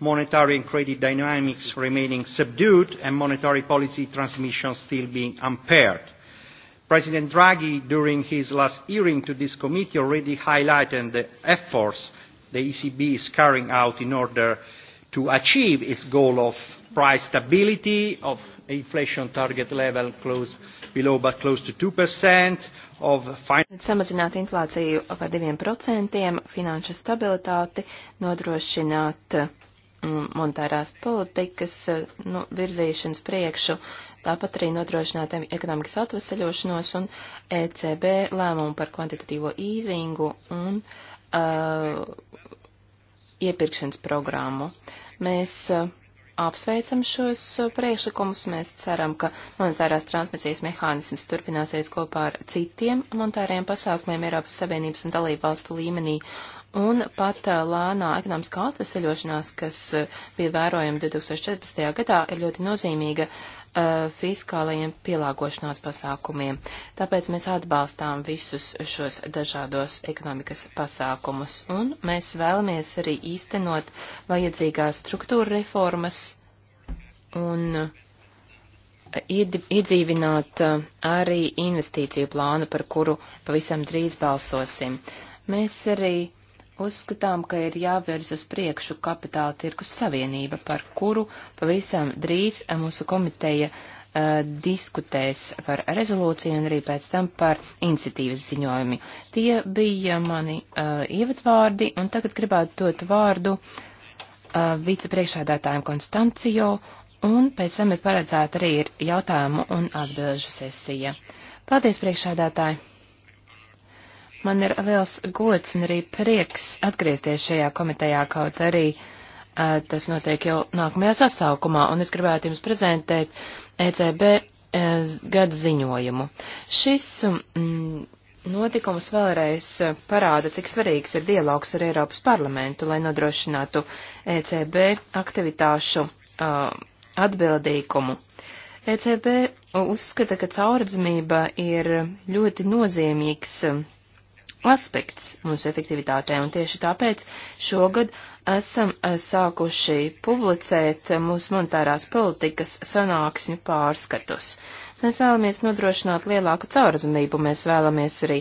monetary and credit dynamics remaining subdued and monetary policy transmission still being impaired. President Draghi, during his last hearing to this committee, already highlighted the efforts the ECB is carrying out in order to achieve its goal of price stability, of inflation target level close below but close to 2%, of Samazināt inflāciju par 2%, finanšu stabilitāti, nodrošināt uh, monetārās politikas eh, nu, virzīšanas priekšu, tāpat arī nodrošināt ekonomikas atvesaļošanos un ECB lēmumu par kvantitatīvo īzingu un uh, iepirkšanas programmu. Mēs uh, apsveicam šos priekšlikumus. Mēs ceram, ka monetārās transmisijas mehānisms turpināsies kopā ar citiem monetāriem pasākumiem Eiropas Savienības un dalību valstu līmenī Un pat uh, lēnā ekonomiskā atveseļošanās, kas uh, bija vērojama 2014. gadā, ir ļoti nozīmīga uh, fiskālajiem pielāgošanās pasākumiem. Tāpēc mēs atbalstām visus šos dažādos ekonomikas pasākumus. Un mēs vēlamies arī īstenot vajadzīgās struktūra reformas un uh, iedzīvināt arī investīciju plānu, par kuru pavisam drīz balsosim. Mēs arī uzskatām, ka ir jāvirz uz priekšu kapitāla tirkus savienība, par kuru pavisam drīz eh, mūsu komiteja uh, diskutēs par rezolūciju un arī pēc tam par iniciatīvas ziņojumi. Tie bija mani uh, ievadvārdi, un tagad gribētu dot vārdu uh, vicepriekšādātājiem Konstancijo, un pēc tam ir paredzēta arī ir jautājumu un atbilžu sesija. Paldies, priekšādātāji! Man ir liels gods un arī prieks atgriezties šajā komitejā, kaut arī uh, tas notiek jau nākamajā sasaukumā, un es gribētu jums prezentēt ECB uh, gada ziņojumu. Šis mm, notikums vēlreiz parāda, cik svarīgs ir dialogs ar Eiropas parlamentu, lai nodrošinātu ECB aktivitāšu uh, atbildīgumu. ECB uzskata, ka caurdzamība ir ļoti nozīmīgs aspekts mūsu efektivitātē, un tieši tāpēc šogad esam eh, sākuši publicēt mūsu monetārās politikas sanāksmju pārskatus. Mēs vēlamies nodrošināt lielāku caurazumību, mēs vēlamies arī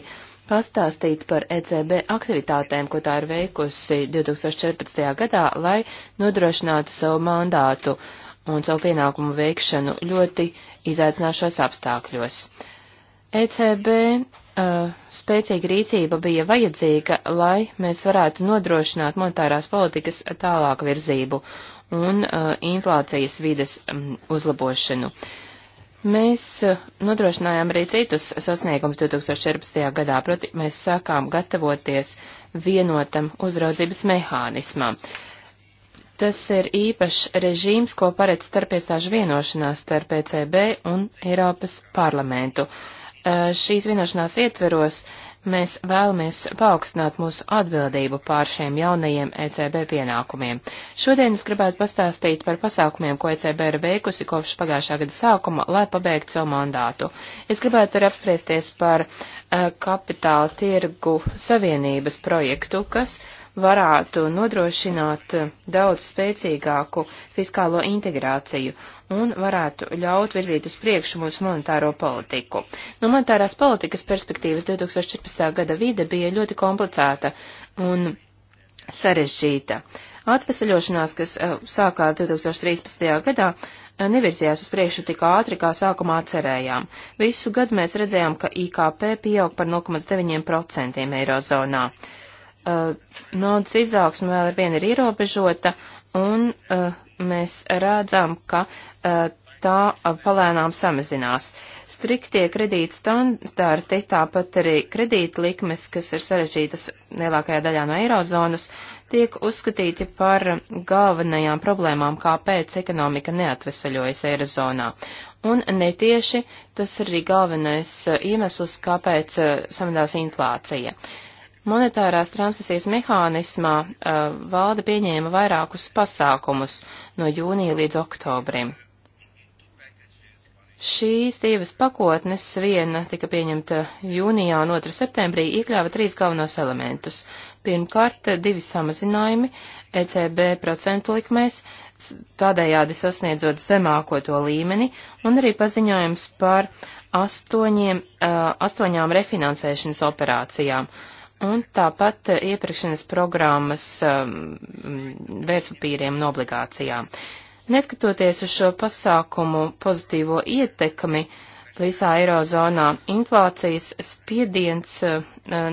pastāstīt par ECB aktivitātēm, ko tā ir veikusi 2014. gadā, lai nodrošinātu savu mandātu un savu pienākumu veikšanu ļoti izaicināšos apstākļos. ECB uh, spēcīga rīcība bija vajadzīga, lai mēs varētu nodrošināt monetārās politikas tālāku virzību un uh, inflācijas vides um, uzlabošanu. Mēs uh, nodrošinājām arī citus sasniegumus 2014. gadā, proti mēs sākām gatavoties vienotam uzraudzības mehānismam. Tas ir īpašs režīms, ko paredz starpiestāžu vienošanās starp ECB un Eiropas parlamentu. Uh, Eh, šīs vienošanās ietveros mēs vēlamies paaugstināt mūsu atbildību pār šiem jaunajiem ECB pienākumiem. Šodien es gribētu pastāstīt par pasākumiem, ko ECB ir veikusi kopš pagājušā gada sākuma, lai pabeigtu savu mandātu. Es gribētu arī apspriesties par uh, kapitāla tirgu savienības projektu, kas varētu nodrošināt daudz spēcīgāku fiskālo integrāciju un varētu ļaut virzīt uz priekšu mūsu monetāro politiku. No monetārās politikas perspektīvas 2014. gada vide bija ļoti komplicēta un sarežģīta. Atvesaļošanās, kas eh, sākās 2013. gadā, eh, nevirzījās uz priekšu tik ātri, kā sākumā cerējām. Visu gadu mēs redzējām, ka IKP pieaug par 0,9% eirozonā uh, naudas izaugsme vēl ar vienu ir ierobežota, un uh, mēs redzam, ka uh, tā uh, palēnām samazinās. Striktie kredīta standarti, tāpat arī kredīta likmes, kas ir sarežģītas lielākajā daļā no eirozonas, tiek uzskatīti par galvenajām problēmām, kāpēc ekonomika neatvesaļojas eirozonā. Un netieši tas ir arī galvenais uh, iemesls, kāpēc uh, samazinās inflācija. Uh, Monetārās transmisijas mehānismā uh, valde pieņēma vairākus pasākumus no jūnija līdz oktobrim. Šīs divas pakotnes, viena tika pieņemta jūnijā un otra septembrī, iekļāva trīs galvenos elementus. Pirmkārt, divi samazinājumi ECB procentu likmēs, tādējādi sasniedzot zemāko to līmeni, un arī paziņojums par astoņiem, uh, astoņām refinansēšanas operācijām. Uh, Un tāpat eh, iepirkšanas programmas um, vērtspapīriem un obligācijām. Neskatoties uz šo pasākumu pozitīvo ietekmi, visā eirozonā inflācijas spiediens uh,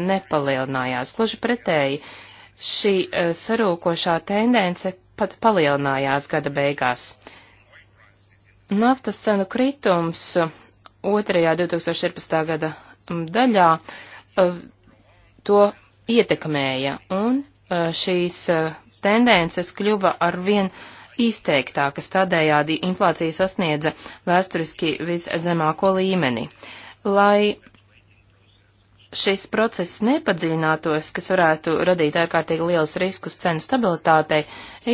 nepalielinājās. Gluži pretēji, šī uh, sarūkošā tendence pat palielinājās gada beigās. Naftas cenu kritums otrajā 2014. gada mm, daļā uh, to ietekmēja, un uh, šīs uh, tendences kļuva arvien izteiktākas, tādējādi inflācija sasniedza vēsturiski viszemāko līmeni. Lai šis process nepadziļinātos, kas varētu radīt ārkārtīgi liels riskus cenu stabilitātei,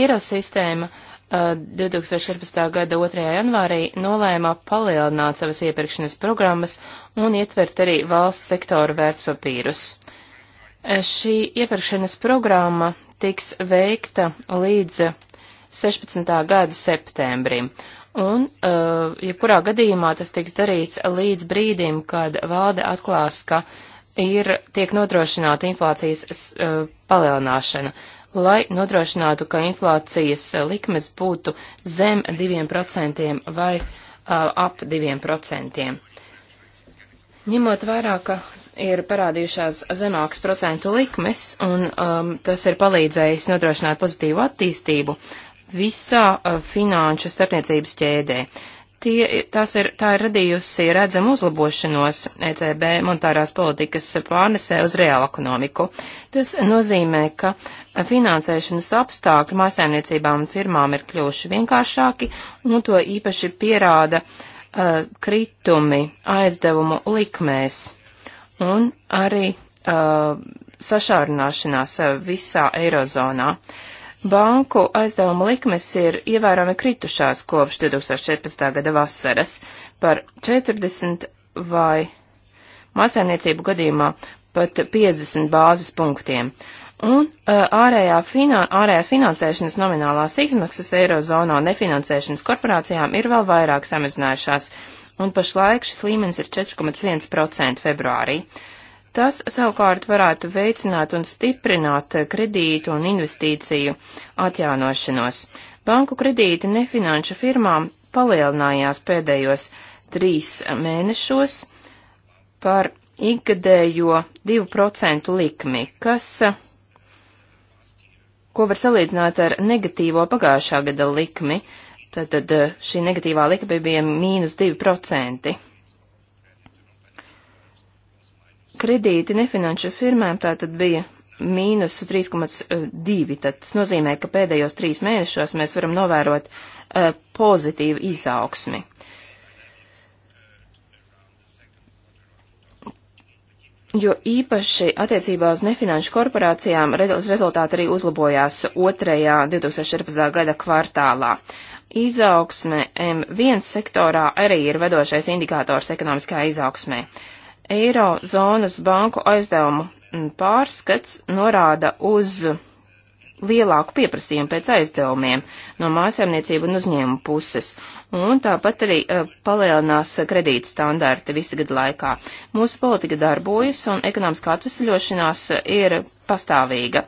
Eirosistēma 2014. Uh, gada 2. janvārī nolēma palielināt savas iepirkšanas programmas un ietvert arī valsts sektoru vērtspapīrus. Šī iepirkšanas programma tiks veikta līdz 16. gada septembrim. Un, uh, ja kurā gadījumā tas tiks darīts līdz brīdim, kad valde atklās, ka ir tiek nodrošināta inflācijas uh, palielināšana, lai nodrošinātu, ka inflācijas likmes būtu zem 2% vai uh, ap 2%. Ņemot vērā, ka ir parādījušās zemākas procentu likmes un um, tas ir palīdzējis nodrošināt pozitīvu attīstību visā uh, finanšu starpniecības ķēdē. Tie, tas ir, tā ir radījusi redzamu uzlabošanos ECB monetārās politikas pārnesē uz reālu ekonomiku. Tas nozīmē, ka finansēšanas apstākļi mājasēmniecībām un firmām ir kļuvuši vienkāršāki, un to īpaši pierāda uh, uh, kritumi aizdevumu likmēs un arī uh, sašaurināšanās uh, visā eirozonā. Banku aizdevuma likmes ir ievērojami kritušās kopš 2014. gada vasaras par 40 vai mazsainiecību gadījumā pat 50 bāzes punktiem. Uh, Un uh, ārējā finan ārējās finansēšanas nominālās izmaksas Eirozonā nefinansēšanas korporācijām ir vēl vairāk samazinājušās, un pašlaik šis līmenis ir 4,1% februārī. Tas savukārt varētu veicināt un stiprināt kredītu un investīciju atjaunošanos. Banku kredīti nefinanšu firmām palielinājās pēdējos trīs mēnešos par ikgadējo 2% likmi, kas ko var salīdzināt ar negatīvo pagājušā gada likmi, tad, tad eh, šī negatīvā likme bija mīnus 2%. Kredīti nefinanšu firmām tā tad bija mīnus 3,2. Tas nozīmē, ka pēdējos trīs mēnešos mēs varam novērot uh, pozitīvu izaugsmi. jo īpaši attiecībā uz nefinanšu korporācijām rezultāti arī uzlabojās otrajā 2014. gada kvartālā. Izaugsme M1 sektorā arī ir vedošais indikators ekonomiskajā izaugsmē. Eiro zonas banku aizdevumu mm, pārskats norāda uz lielāku pieprasījumu pēc aizdevumiem no mājasemniecību un uzņēmumu puses, un tāpat arī uh, palielinās kredīta standarti visu gadu laikā. Mūsu politika darbojas, un ekonomiskā atvesļošanās ir pastāvīga.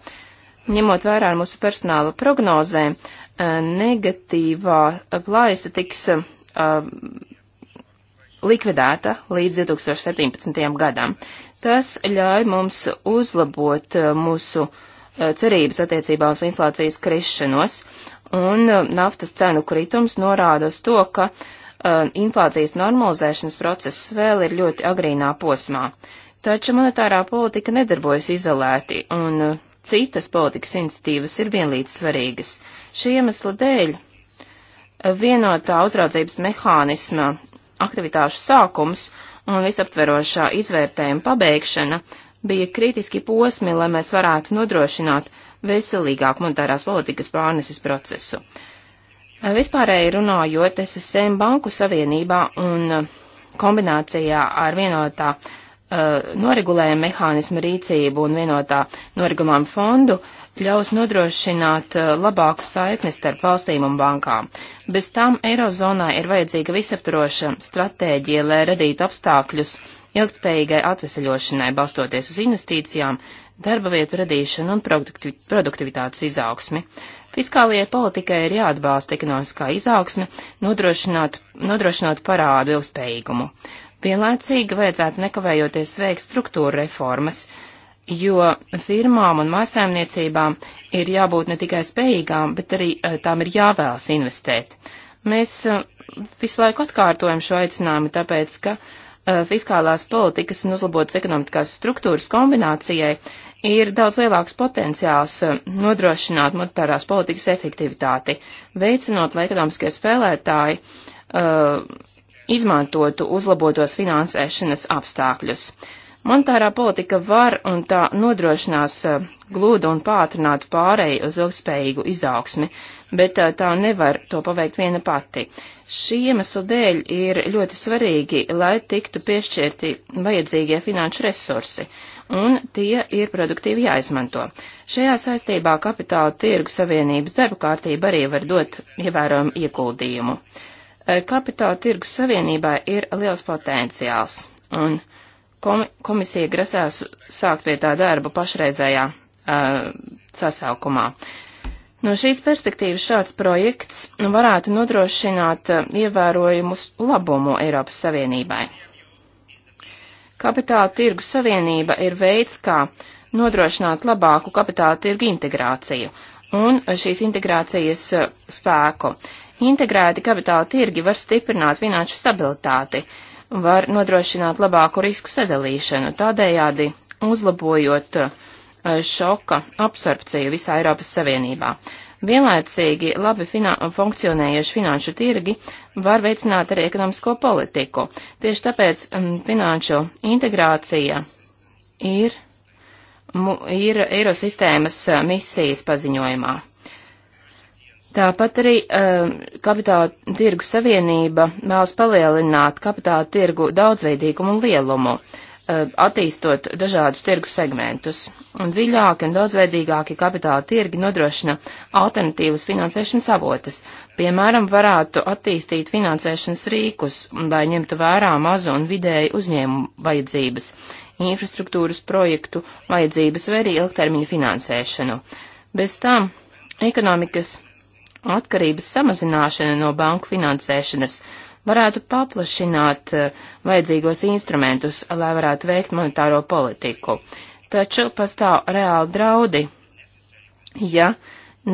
Ņemot vērā ar mūsu personāla prognozēm, uh, negatīvā plaisa tiks uh, likvidēta līdz 2017. gadam. Tas ļauj mums uzlabot mūsu uh, Eh, cerības attiecībā uz inflācijas krišanos, un eh, naftas cenu kritums norāda uz to, ka uh, inflācijas normalizēšanas process vēl ir ļoti agrīnā posmā. Taču monetārā politika nedarbojas izolēti, un uh, citas politikas iniciatīvas ir vienlīdz svarīgas. Šī iemesla dēļ vienotā uzraudzības mehānisma aktivitāšu sākums un visaptverošā izvērtējuma pabeigšana bija kritiski posmi, lai mēs varētu nodrošināt veselīgāku monetārās politikas pārneses procesu. Vispārēji runājot, SSM Banku Savienībā un kombinācijā ar vienotā uh, noregulējuma mehānismu rīcību un vienotā noregulējuma fondu ļaus nodrošināt uh, labāku saikni starp valstīm un bankām. Bez tam Eirozonā ir vajadzīga visaptroša stratēģija, lai radītu apstākļus uh, ilgspējīgai atveseļošanai, balstoties uz investīcijām, darba vietu radīšanu un produktiv produktivitātes izaugsmi. Fiskālajai politikai ir jāatbalsta ekonomiskā izaugsme, nodrošinot, nodrošinot parādu ilgspējīgumu. Vienlaicīgi vajadzētu nekavējoties veikt struktūra reformas, jo firmām un mājasēmniecībām ir jābūt ne tikai spējīgām, bet arī eh, tām ir jāvēlas investēt. Mēs eh, visu laiku atkārtojam šo aicinājumu, tāpēc, ka uh, Eh, fiskālās politikas un uzlabotas ekonomiskās struktūras kombinācijai ir daudz lielāks potenciāls eh, nodrošināt monetārās politikas efektivitāti, veicinot, lai ekonomiskie spēlētāji uh, izmantotu uzlabotos finansēšanas apstākļus. Monetārā politika var un tā nodrošinās uh, glūdu un pātrinātu pārēju uz ilgspējīgu izaugsmi, bet uh, tā nevar to paveikt viena pati. Uh, Šī iemesla dēļ ir ļoti svarīgi, lai tiktu piešķirti vajadzīgie finanšu resursi, un tie ir produktīvi jāizmanto. Šajā saistībā kapitāla tirgu savienības darba kārtība arī var dot ievērojumu ieguldījumu. Eh, kapitāla tirgu savienībā ir liels potenciāls, un komisija grasās sākt pie tā darbu pašreizējā uh, sasaukumā. No šīs perspektīvas šāds projekts varētu nodrošināt eh, ievērojumus labumu Eiropas Savienībai. Kapitāla tirgu savienība ir veids, kā nodrošināt labāku kapitāla tirgu integrāciju un šīs integrācijas eh, spēku. Integrēti kapitāla tirgi var stiprināt finanšu stabilitāti, var nodrošināt labāku risku sadalīšanu, tādējādi uzlabojot uh, Eh, šoka absorpciju visā Eiropas Savienībā. Vienlaicīgi labi finā funkcionējuši finanšu tirgi var veicināt arī ekonomisko politiku. Tieši tāpēc um, finanšu integrācija ir, mu, ir Eirosistēmas eh, misijas paziņojumā. Tāpat arī um, kapitāla tirgu savienība vēlas palielināt kapitāla tirgu daudzveidīgumu un lielumu. Uh, Eh, attīstot dažādus tirgu segmentus. Un dziļāki un daudzveidīgāki kapitāla tirgi nodrošina alternatīvas finansēšanas avotas. Piemēram, varētu attīstīt finansēšanas rīkus, lai ņemtu vērā mazu un vidēju uzņēmumu vajadzības, infrastruktūras projektu vajadzības vai arī ilgtermiņa finansēšanu. Bez tam ekonomikas atkarības samazināšana no banku finansēšanas varētu paplašināt eh, vajadzīgos instrumentus, lai varētu veikt monetāro politiku. Taču pastāv reāli draudi, ja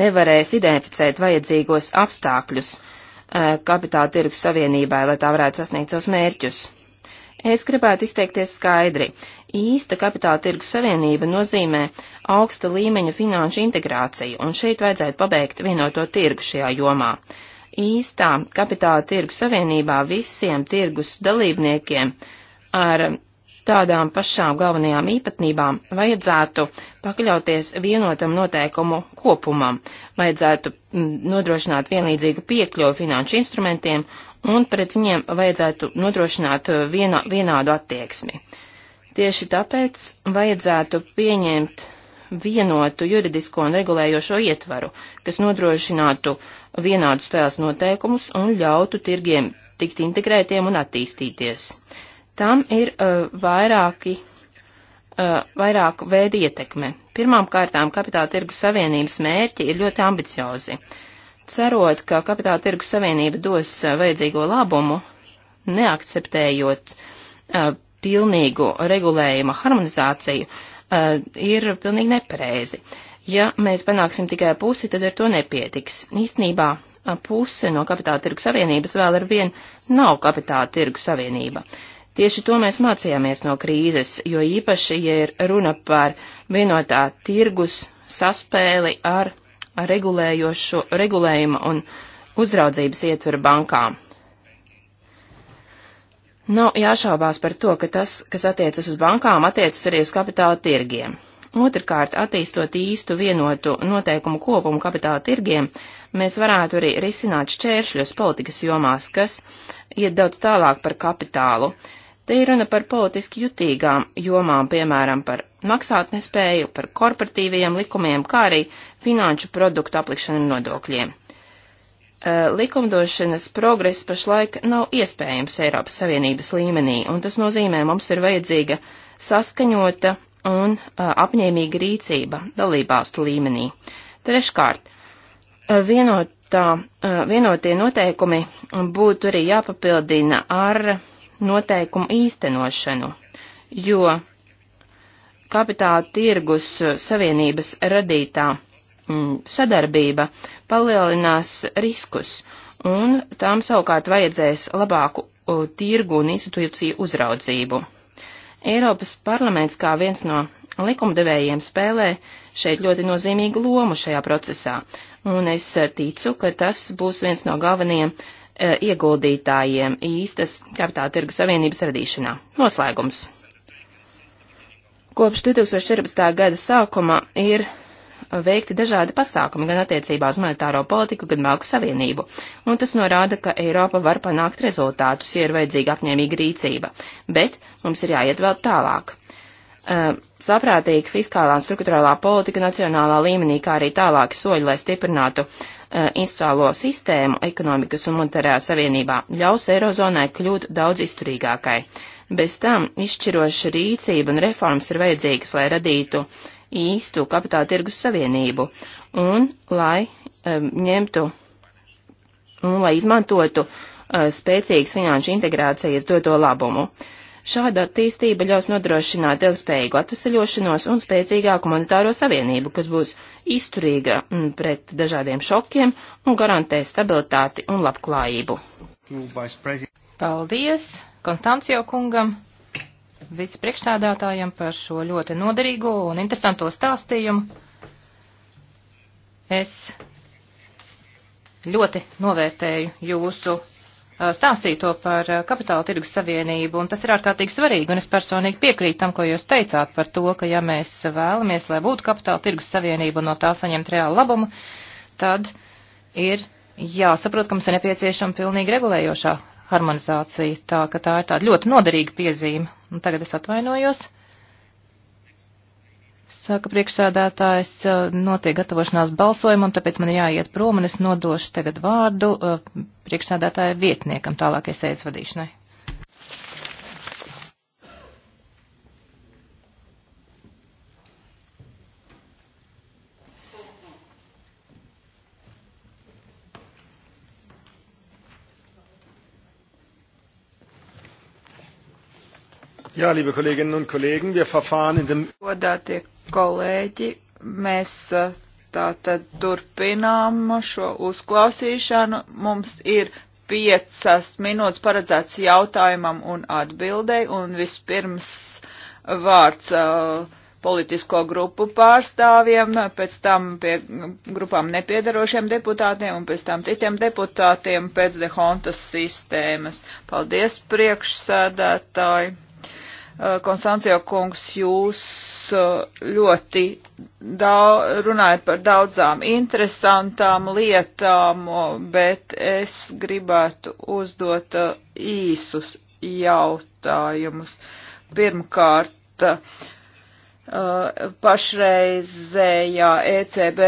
nevarēs identificēt vajadzīgos apstākļus eh, kapitāla tirgus savienībai, lai tā varētu sasniegt savus mērķus. Es gribētu izteikties skaidri. Īsta kapitāla tirgus savienība nozīmē augsta līmeņa finanšu integrāciju, un šeit vajadzētu pabeigt vienoto tirgu šajā jomā īstā kapitāla tirgu savienībā visiem tirgus dalībniekiem ar tādām pašām galvenajām īpatnībām vajadzētu pakļauties vienotam noteikumu kopumam, vajadzētu mm, nodrošināt vienlīdzīgu piekļuvu finanšu instrumentiem un pret viņiem vajadzētu nodrošināt eh, vienā, vienādu attieksmi. Tieši tāpēc vajadzētu pieņemt vienotu juridisko un regulējošo ietvaru, kas nodrošinātu vienādu spēles noteikumus un ļautu tirgiem tikt integrētiem un attīstīties. Tam ir uh, vairāki, uh, vairāku veidu ietekme. Pirmām kārtām kapitāla tirgu savienības mērķi ir ļoti ambiciozi. Cerot, ka kapitāla tirgu savienība dos uh, vajadzīgo labumu, neakceptējot uh, pilnīgu regulējuma harmonizāciju, uh, Eh, ir pilnīgi nepareizi. Ja mēs panāksim tikai pusi, tad ar to nepietiks. Īstenībā eh, puse no kapitāla tirgu savienības vēl ar vien nav kapitāla tirgu savienība. Tieši to mēs mācījāmies no krīzes, jo īpaši, ja ir runa par vienotā tirgus saspēli ar regulējošo regulējumu un uzraudzības ietveru bankām. Nav jāšaubās par to, ka tas, kas attiecas uz bankām, attiecas arī uz kapitāla tirgiem. Otrkārt, attīstot īstu vienotu noteikumu kopumu kapitāla tirgiem, mēs varētu arī risināt šķēršļus politikas jomās, kas iet daudz tālāk par kapitālu. Te ir runa par politiski jutīgām jomām, piemēram, par maksātnespēju, par korporatīvajiem likumiem, kā arī finanšu produktu aplikšanu nodokļiem. Eh, likumdošanas progress pašlaik nav iespējams Eiropas Savienības līmenī, un tas nozīmē, mums ir vajadzīga saskaņota un eh, apņēmīga rīcība dalībāstu līmenī. Treškārt, eh, vienotā, vienotie noteikumi būtu arī jāpapildina ar noteikumu īstenošanu, jo kapitāla tirgus savienības radītā Mm, sadarbība palielinās riskus, un tām savukārt vajadzēs labāku tirgu un institūciju uzraudzību. Eiropas parlaments kā viens no likumdevējiem spēlē šeit ļoti nozīmīgu lomu šajā procesā, un es e, ticu, ka tas būs viens no galvenajiem e, ieguldītājiem īstas kapitāla tirgu savienības radīšanā. Noslēgums. Kopš 2014. gada sākuma ir veikti dažādi pasākumi gan attiecībā uz monetāro politiku, gan Banku Savienību, un tas norāda, ka Eiropa var panākt rezultātus, ja ir vajadzīga apņēmīga rīcība, bet mums ir jāiet vēl tālāk. Uh, saprātīga fiskālā un struktūrālā politika nacionālā līmenī, kā arī tālāki soļi, lai stiprinātu uh, institucionālo sistēmu ekonomikas un monetārajā savienībā, ļaus Eirozonai kļūt daudz izturīgākai. Bez tam izšķiroša rīcība un reformas ir vajadzīgas, lai radītu īstu kapitāla tirgus savienību un lai um, ņemtu un lai izmantotu uh, spēcīgas finanšu integrācijas doto labumu. Šāda attīstība ļaus nodrošināt ilgspējīgu atvesaļošanos un spēcīgāku monetāro savienību, kas būs izturīga pret dažādiem šokiem un garantē stabilitāti un labklājību. Paldies Konstancijo kungam! vicepriekšsādātājam par šo ļoti noderīgo un interesanto stāstījumu. Es ļoti novērtēju jūsu stāstīto par kapitāla tirgus savienību, un tas ir ārkārtīgi svarīgi, un es personīgi piekrītu tam, ko jūs teicāt par to, ka ja mēs vēlamies, lai būtu kapitāla tirgus savienība un no tā saņemt reālu labumu, tad ir jāsaprot, ka mums ir nepieciešama pilnīgi regulējošā harmonizācija, tā ka tā ir tāda ļoti noderīga piezīme, Un tagad es atvainojos. Saka priekšsādātājs, notiek gatavošanās balsojumam, tāpēc man jāiet prom un es nodošu tagad vārdu priekšsādātāja vietniekam tālākai sēdes vadīšanai. Jā, liebe kolēģinnen un kolēģi, wir verfahren in dem. Godātie kolēģi, mēs eh, tātad turpinām šo uzklausīšanu. Mums ir piecas minūtes paredzēts jautājumam un atbildēji, un vispirms vārds uh, politisko grupu pārstāvjiem, pēc tam pie grupām nepiedarošiem deputātiem un pēc tam citiem deputātiem pēc dehontas sistēmas. Paldies, priekšsēdētāji! Eh, Konstancijo kungs, jūs eh, ļoti runājat par daudzām interesantām lietām, bet es gribētu uzdot eh, īsus jautājumus. Pirmkārt, pašreizējā ECB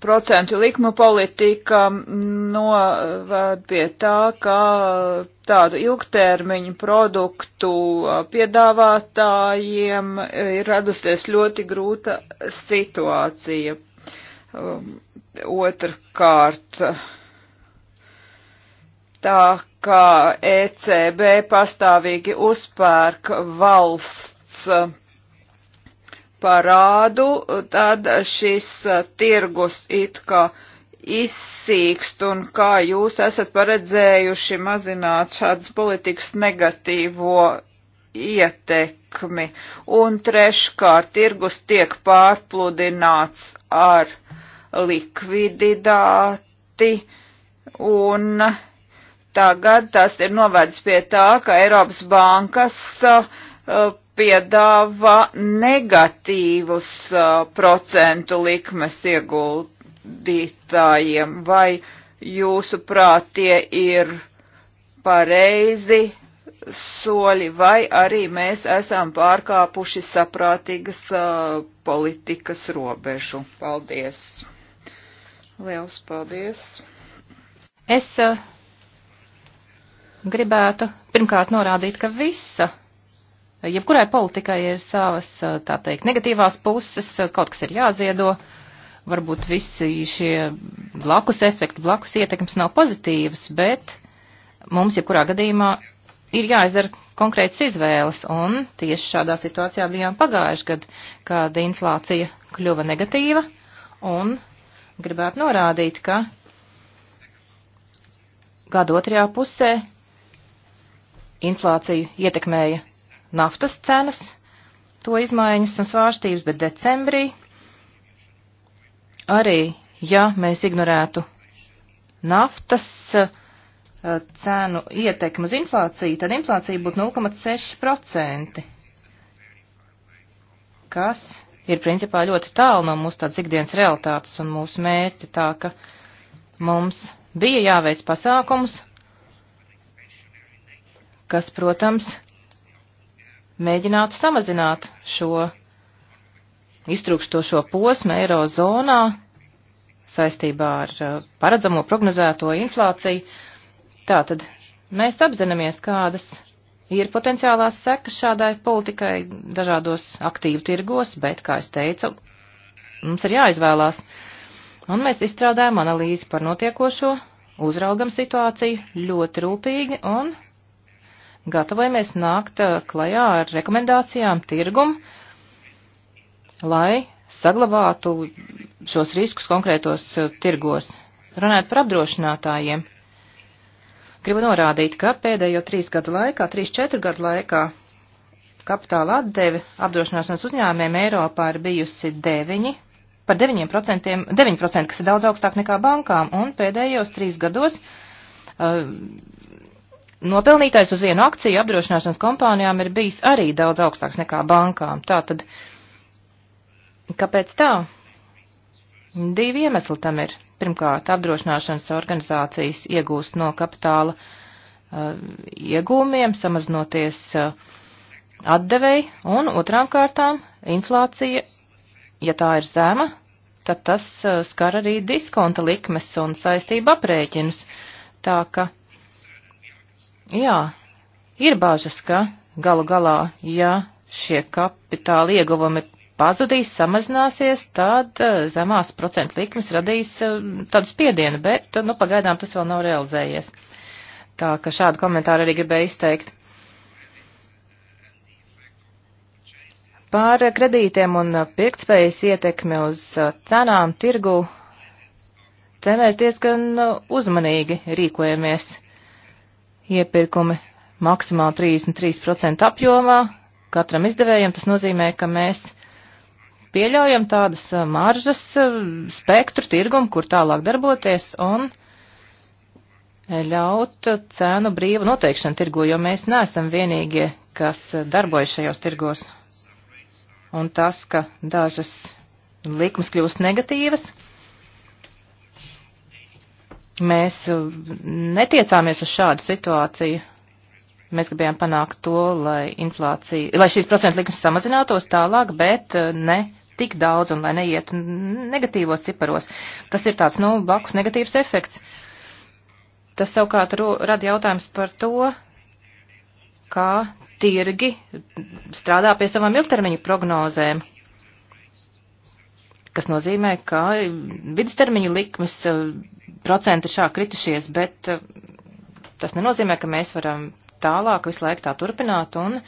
procentu likmu politika novad pie tā, ka tādu ilgtermiņu produktu piedāvātājiem ir radusies ļoti grūta situācija. Um, otrkārt, tā kā ECB pastāvīgi uzpērk valsts parādu, tad šis uh, tirgus it kā izsīkst un kā jūs esat paredzējuši mazināt šādas politikas negatīvo ietekmi. Un treškārt, tirgus tiek pārpludināts ar likviditāti un tagad tas ir novedis pie tā, ka Eiropas bankas uh, piedāvā negatīvus uh, procentu likmes ieguldītājiem, vai jūsuprāt tie ir pareizi soļi, vai arī mēs esam pārkāpuši saprātīgas uh, politikas robežu. Paldies! Liels paldies! Es uh, gribētu pirmkārt norādīt, ka visa Jebkurai politikai ir savas, tā teikt, negatīvās puses, kaut kas ir jāziedo, varbūt visi šie blakus efekti, blakus ietekmes nav pozitīvas, bet mums jebkurā gadījumā ir jāizdara konkrētas izvēles, un tieši šādā situācijā bijām pagājuši gadu, kad inflācija kļuva negatīva, un gribētu norādīt, ka gada otrajā pusē inflāciju ietekmēja naftas cenas, to izmaiņas un svārstības, bet decembrī arī, ja mēs ignorētu naftas eh, cenu ietekmu uz inflāciju, tad inflācija būtu 0,6%, kas ir principā ļoti tālu no mūsu tādas ikdienas realitātes un mūsu mērķa, tā ka mums bija jāveic pasākums, kas, protams, mēģinātu samazināt šo iztrūkstošo posmu eirozonā saistībā ar uh, paredzamo prognozēto inflāciju. Tātad mēs apzināmies, kādas ir potenciālās sekas šādai politikai dažādos aktīvu tirgos, bet, kā es teicu, mums ir jāizvēlās. Un mēs izstrādājam analīzi par notiekošo, uzraugam situāciju ļoti rūpīgi un gatavojamies nākt eh, klajā ar rekomendācijām tirgum, lai saglabātu šos riskus konkrētos eh, tirgos. Runājot par apdrošinātājiem, gribu norādīt, ka pēdējo trīs gadu laikā, trīs četru gadu laikā kapitāla atdeve apdrošināšanas uzņēmējiem Eiropā ir bijusi 9, par 9%, 9%, kas ir daudz augstāk nekā bankām, un pēdējos trīs gados uh, nopelnītais uz vienu akciju apdrošināšanas kompānijām ir bijis arī daudz augstāks nekā bankām. Tātad, kāpēc tā? Divi iemesli tam ir. Pirmkārt, apdrošināšanas organizācijas iegūst no kapitāla uh, iegūmiem, samazinoties uh, atdevēji, un otrām kārtām inflācija, ja tā ir zema, tad tas uh, skar arī diskonta likmes un saistību aprēķinus. Tā ka Jā, ir bāžas, ka galu galā, ja šie kapitāla ieguvumi pazudīs, samazināsies, tad eh, zemās procentu likmes radīs eh, tādu spiedienu, bet, eh, nu, pagaidām tas vēl nav realizējies. Tā ka šādu komentāru arī gribēju izteikt. Par kredītiem un pirktspējas ietekmi uz cenām tirgu, te mēs diezgan uzmanīgi rīkojamies iepirkumi maksimāli 33% apjomā katram izdevējam. Tas nozīmē, ka mēs pieļaujam tādas uh, maržas uh, spektru tirgumu, kur tālāk darboties un uh, ļaut cēnu brīvu noteikšanu tirgu, jo mēs neesam vienīgie, kas darbojas šajos tirgos. Un tas, ka dažas likums kļūst negatīvas, Mēs uh, netiecāmies uz šādu situāciju. Mēs gribējām panākt to, lai inflācija, lai šīs procentu likmes samazinātos tālāk, bet uh, ne tik daudz un lai neietu negatīvos ciparos. Tas ir tāds, nu, blakus negatīvs efekts. Tas savukārt rada jautājums par to, kā tirgi strādā pie savām ilgtermiņa prognozēm kas nozīmē, ka vidustermiņa likmes eh, procenti ir šā kritušies, bet eh, tas nenozīmē, ka mēs varam tālāk visu laiku tā turpināt, un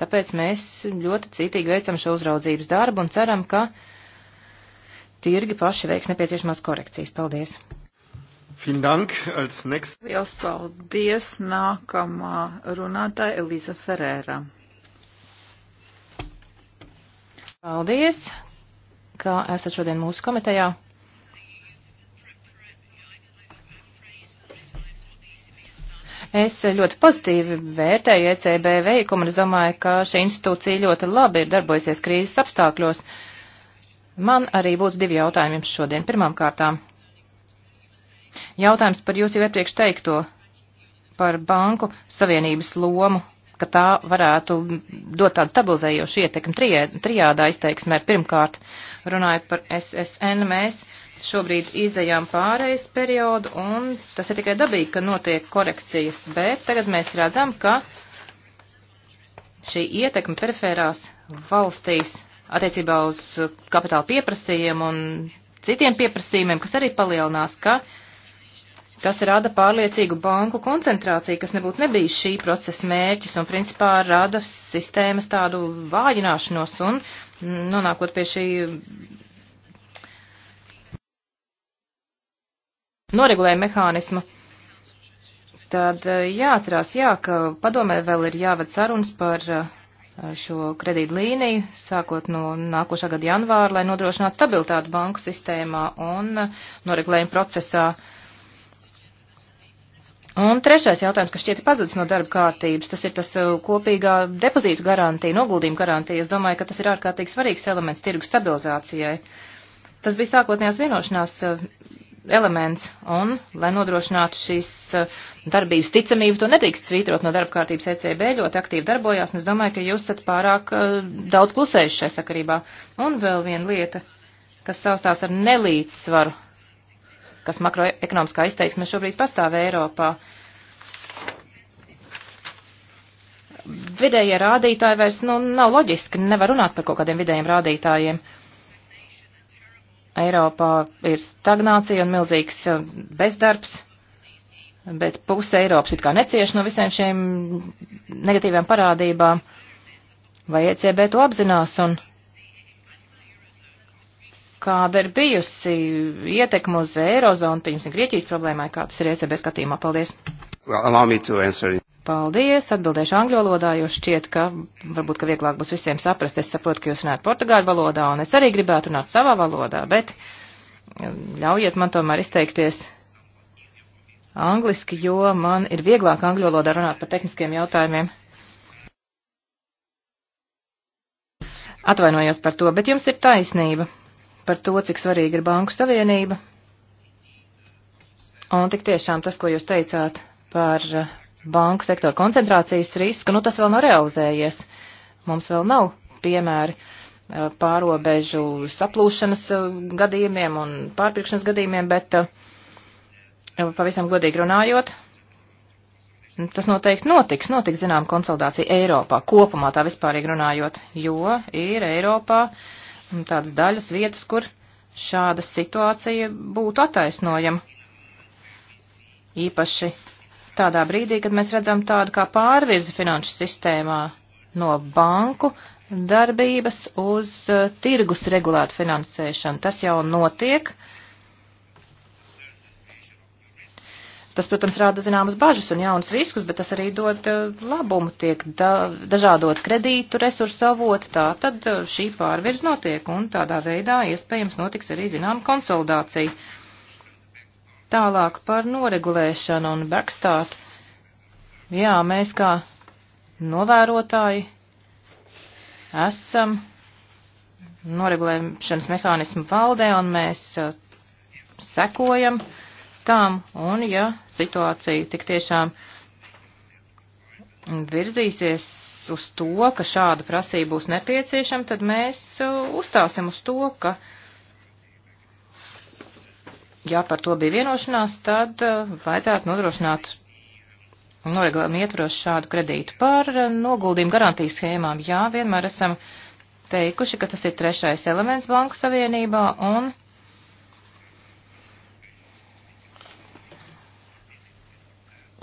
tāpēc mēs ļoti cītīgi veicam šo uzraudzības darbu un ceram, ka tirgi paši veiks nepieciešamās korekcijas. Paldies! Dank, als next... Liels paldies! Nākamā runātāja Elīza Ferēra. Paldies! ka esat šodien mūsu komitejā. Es ļoti pozitīvi vērtēju ECB veikumu un es domāju, ka šī institūcija ļoti labi ir darbojusies krīzes apstākļos. Man arī būtu divi jautājumi jums šodien. Pirmām kārtām. Jautājums par jūsu jau iepriekš teikto par banku savienības lomu ka tā varētu dot tādu stabilizējošu ietekmi trijā, trijādā izteiksmē. Pirmkārt, runājot par SSN, mēs šobrīd izējām pārējais periodu, un tas ir tikai dabīgi, ka notiek korekcijas, bet tagad mēs redzam, ka šī ietekme perifērās valstīs attiecībā uz kapitāla pieprasījumu un citiem pieprasījumiem, kas arī palielinās, ka uh, kas rada pārliecīgu banku koncentrāciju, kas nebūtu nebijis šī procesa mērķis un principā rada sistēmas tādu vājināšanos un nonākot pie šī noregulējuma mehānisma. Tad eh, jāatcerās, jā, ka padomē vēl ir jāved sarunas par eh, šo kredītu līniju, sākot no nākošā gada janvāra, lai nodrošinātu stabilitāti banku sistēmā un eh, noregulējuma procesā. Uh, Un trešais jautājums, kas šķiet ir pazudis no darba kārtības, tas ir tas uh, kopīgā depozītu garantija, noguldījuma garantija. Es domāju, ka tas ir ārkārtīgi svarīgs elements tirgu stabilizācijai. Tas bija sākotnējās vienošanās uh, elements, un, lai nodrošinātu šīs uh, darbības ticamību, to nedrīkst svītrot no darba kārtības ECB, ļoti aktīvi darbojās, un es domāju, ka jūs esat pārāk daudz klusējuši šai sakarībā. Un vēl viena lieta, kas saustās ar nelīdzsvaru kas makroekonomiskā izteiksme šobrīd pastāv Eiropā. Vidējie rādītāji vairs nu, nav loģiski, nevar runāt par kaut kādiem vidējiem rādītājiem. Eiropā ir stagnācija un milzīgs uh, bezdarbs, bet puse Eiropas it kā necieš no visiem šiem negatīviem parādībām. Vai ECB to apzinās un kāda ir bijusi ietekma uz Eirozonu, piemēram, Grieķijas problēmai, kā tas ir ECB skatījumā. Paldies! Well, Paldies, atbildēšu angļu valodā, jo šķiet, ka varbūt, ka vieglāk būs visiem saprast. Es saprotu, ka jūs runājat portugāļu valodā, un es arī gribētu runāt savā valodā, bet um, ļaujiet man tomēr izteikties angliski, jo man ir vieglāk angļu valodā runāt par tehniskiem jautājumiem. Atvainojos par to, bet jums ir taisnība par to, cik svarīga ir Banku Savienība. Un tik tiešām tas, ko jūs teicāt par eh, banku sektoru koncentrācijas risku, nu tas vēl nav realizējies. Mums vēl nav piemēri eh, pārobežu saplūšanas eh, gadījumiem un pārpirkšanas gadījumiem, bet pavisam godīgi runājot, tas noteikti notiks, notiks zinām konsolidācija Eiropā kopumā tā vispārīgi runājot, jo ir Eiropā uh, tādas daļas vietas, kur šāda situācija būtu attaisnojama. Īpaši tādā brīdī, kad mēs redzam tādu kā pārvirzi finanšu sistēmā no banku darbības uz eh, tirgus regulētu finansēšanu. Tas jau notiek. Uh, Tas, protams, rāda zināmas bažas un jaunas riskus, bet tas arī dod eh, labumu, tiek da, dažādot kredītu resursu avotu, tā tad eh, šī pārvirz notiek un tādā veidā iespējams notiks arī zināma konsolidācija. Tālāk par noregulēšanu un backstart. Jā, mēs kā novērotāji esam noregulēšanas mehānismu valdē un mēs eh, sekojam. Uh, tam, un ja situācija tik tiešām virzīsies uz to, ka šāda prasība būs nepieciešama, tad mēs uh, uzstāsim uz to, ka, ja par to bija vienošanās, tad uh, vajadzētu nodrošināt noregulējumu ietvaros šādu kredītu par uh, noguldījumu garantijas schēmām. Jā, vienmēr esam teikuši, ka tas ir trešais elements Banku Savienībā, un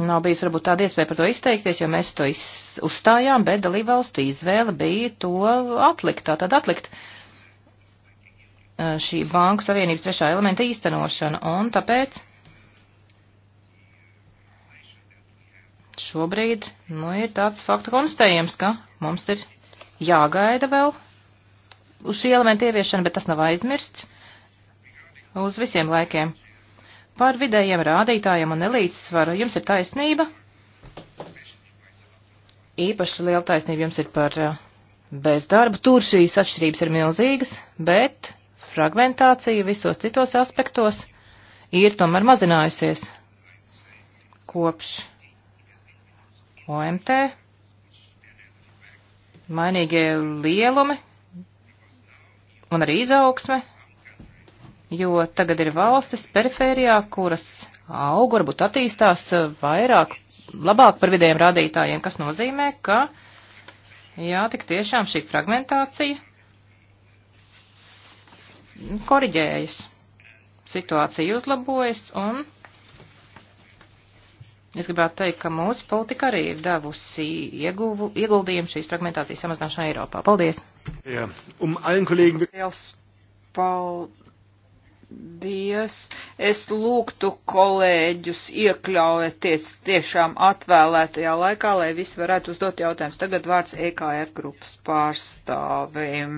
nav bijis varbūt tāda iespēja par to izteikties, jo mēs to iz, uzstājām, bet dalībvalstu izvēle bija to atlikt, tātad atlikt eh, šī Banku Savienības trešā elementa īstenošanu, un tāpēc šobrīd, nu, ir tāds faktu konstatējums, ka mums ir jāgaida vēl uz šī elementa ieviešana, bet tas nav aizmirsts uz visiem laikiem. Par vidējiem rādītājiem un nelīdzsvaru jums ir taisnība. Īpaši liela taisnība jums ir par eh, bezdarbu. Tur šīs atšķirības ir milzīgas, bet fragmentācija visos citos aspektos ir tomēr mazinājusies kopš OMT. Mainīgie lielumi un arī izaugsme jo tagad ir valstis perifērijā, kuras aug, varbūt attīstās eh, vairāk, labāk par vidējiem rādītājiem, kas nozīmē, ka, jā, tik tiešām šī fragmentācija koriģējas, situācija uzlabojas un es gribētu teikt, ka mūsu politika arī ir devusi ieguvu, ieguldījumu šīs fragmentācijas samazināšanā Eiropā. Paldies! Jā, um allen kolēģiem. Paldies! Paldies! Es lūgtu kolēģus iekļaujieties tiešām atvēlētajā laikā, lai visi varētu uzdot jautājumus. Tagad vārds EKR grupas pārstāvim.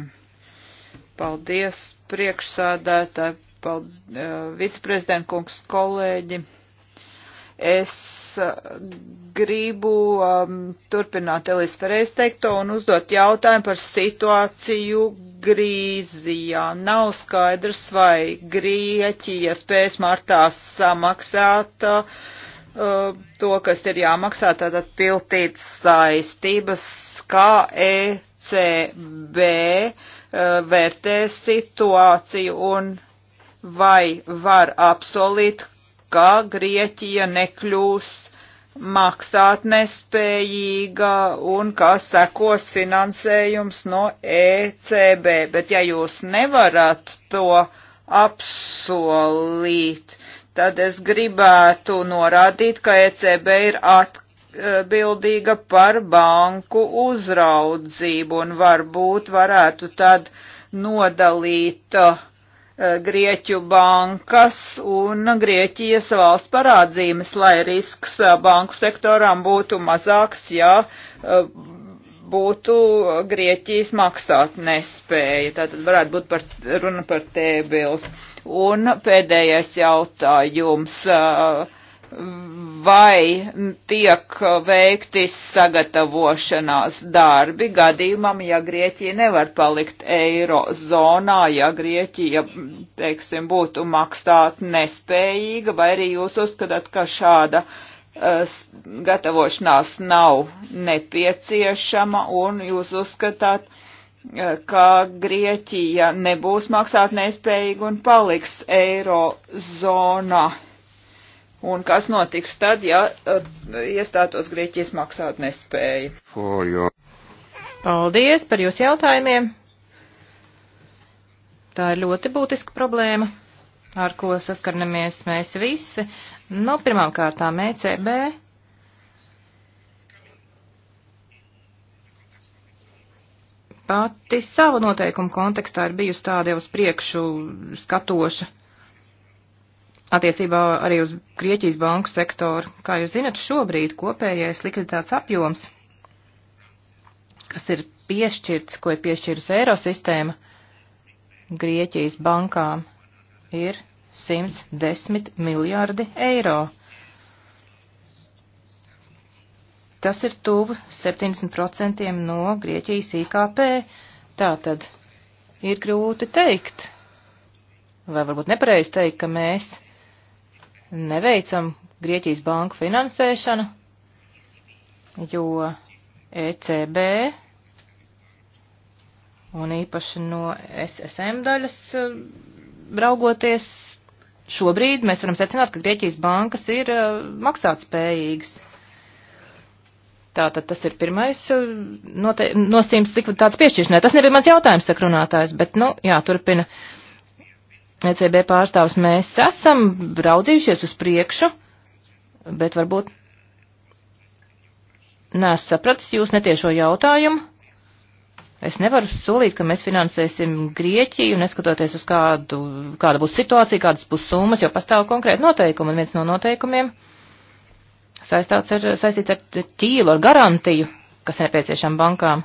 Paldies, priekšsādātāji, pald, uh, eh, viceprezidentkungs, kolēģi! Es uh, gribu um, turpināt Elīs Pereiz teikto un uzdot jautājumu par situāciju Grīzijā. Nav skaidrs, vai Grieķija spēs martā samaksāt uh, to, kas ir jāmaksā, tātad piltīt saistības, kā ECB uh, vērtē situāciju un vai var apsolīt, ka Grieķija nekļūs maksāt nespējīga un kā sekos finansējums no ECB. Bet ja jūs nevarat to apsolīt, tad es gribētu norādīt, ka ECB ir atkal atbildīga e, par banku uzraudzību un varbūt varētu tad nodalīt uh, Eh, Grieķu bankas un Grieķijas valsts parādzīmes, lai risks eh, banku sektoram būtu mazāks, ja eh, būtu Grieķijas maksāt nespēja. Tātad varētu būt par, runa par tēbils. Un pēdējais jautājums. Uh, vai tiek veikti sagatavošanās darbi gadījumam, ja Grieķija nevar palikt eirozonā, ja Grieķija, teiksim, būtu maksāt nespējīga, vai arī jūs uzskatāt, ka šāda uh, gatavošanās nav nepieciešama un jūs uzskatāt, uh, ka Grieķija nebūs maksāt nespējīga un paliks eirozonā. Un kas notiks tad, ja eh, iestātos Grieķijas maksāt nespēja? Paldies par jūsu jautājumiem. Tā ir ļoti būtiska problēma, ar ko saskarnamies mēs visi. Nu, pirmām kārtām ECB. Pati savu noteikumu kontekstā ir bijusi tāda jau uz priekšu skatoša attiecībā arī uz Grieķijas banku sektoru. Kā jūs zinat, šobrīd kopējais likviditātes apjoms, kas ir piešķirts, ko ir piešķirusi Eirosistēma Grieķijas bankām, ir 110 miljārdi eiro. Tas ir tuvu 70% no Grieķijas IKP. Tātad ir grūti teikt, vai varbūt nepareizi teikt, ka mēs neveicam Grieķijas banku finansēšanu, jo ECB un īpaši no SSM daļas eh, raugoties šobrīd mēs varam secināt, ka Grieķijas bankas ir eh, maksātspējīgas. Tātad tas ir pirmais eh, nosacījums likviditātes piešķiršanai. Tas nebija mans jautājums, saka runātājs, bet, nu, jā, turpina. Uh, ECB pārstāvs, mēs esam raudzījušies uz priekšu, bet varbūt nesu sapratis jūs netiešo jautājumu. Es nevaru solīt, ka mēs finansēsim Grieķiju, neskatoties uz kādu, kāda būs situācija, kādas būs summas, jo pastāv konkrēti noteikumi, un viens no noteikumiem saistīts ar, saistīts ar ķīlu, ar garantiju, kas nepieciešama bankām.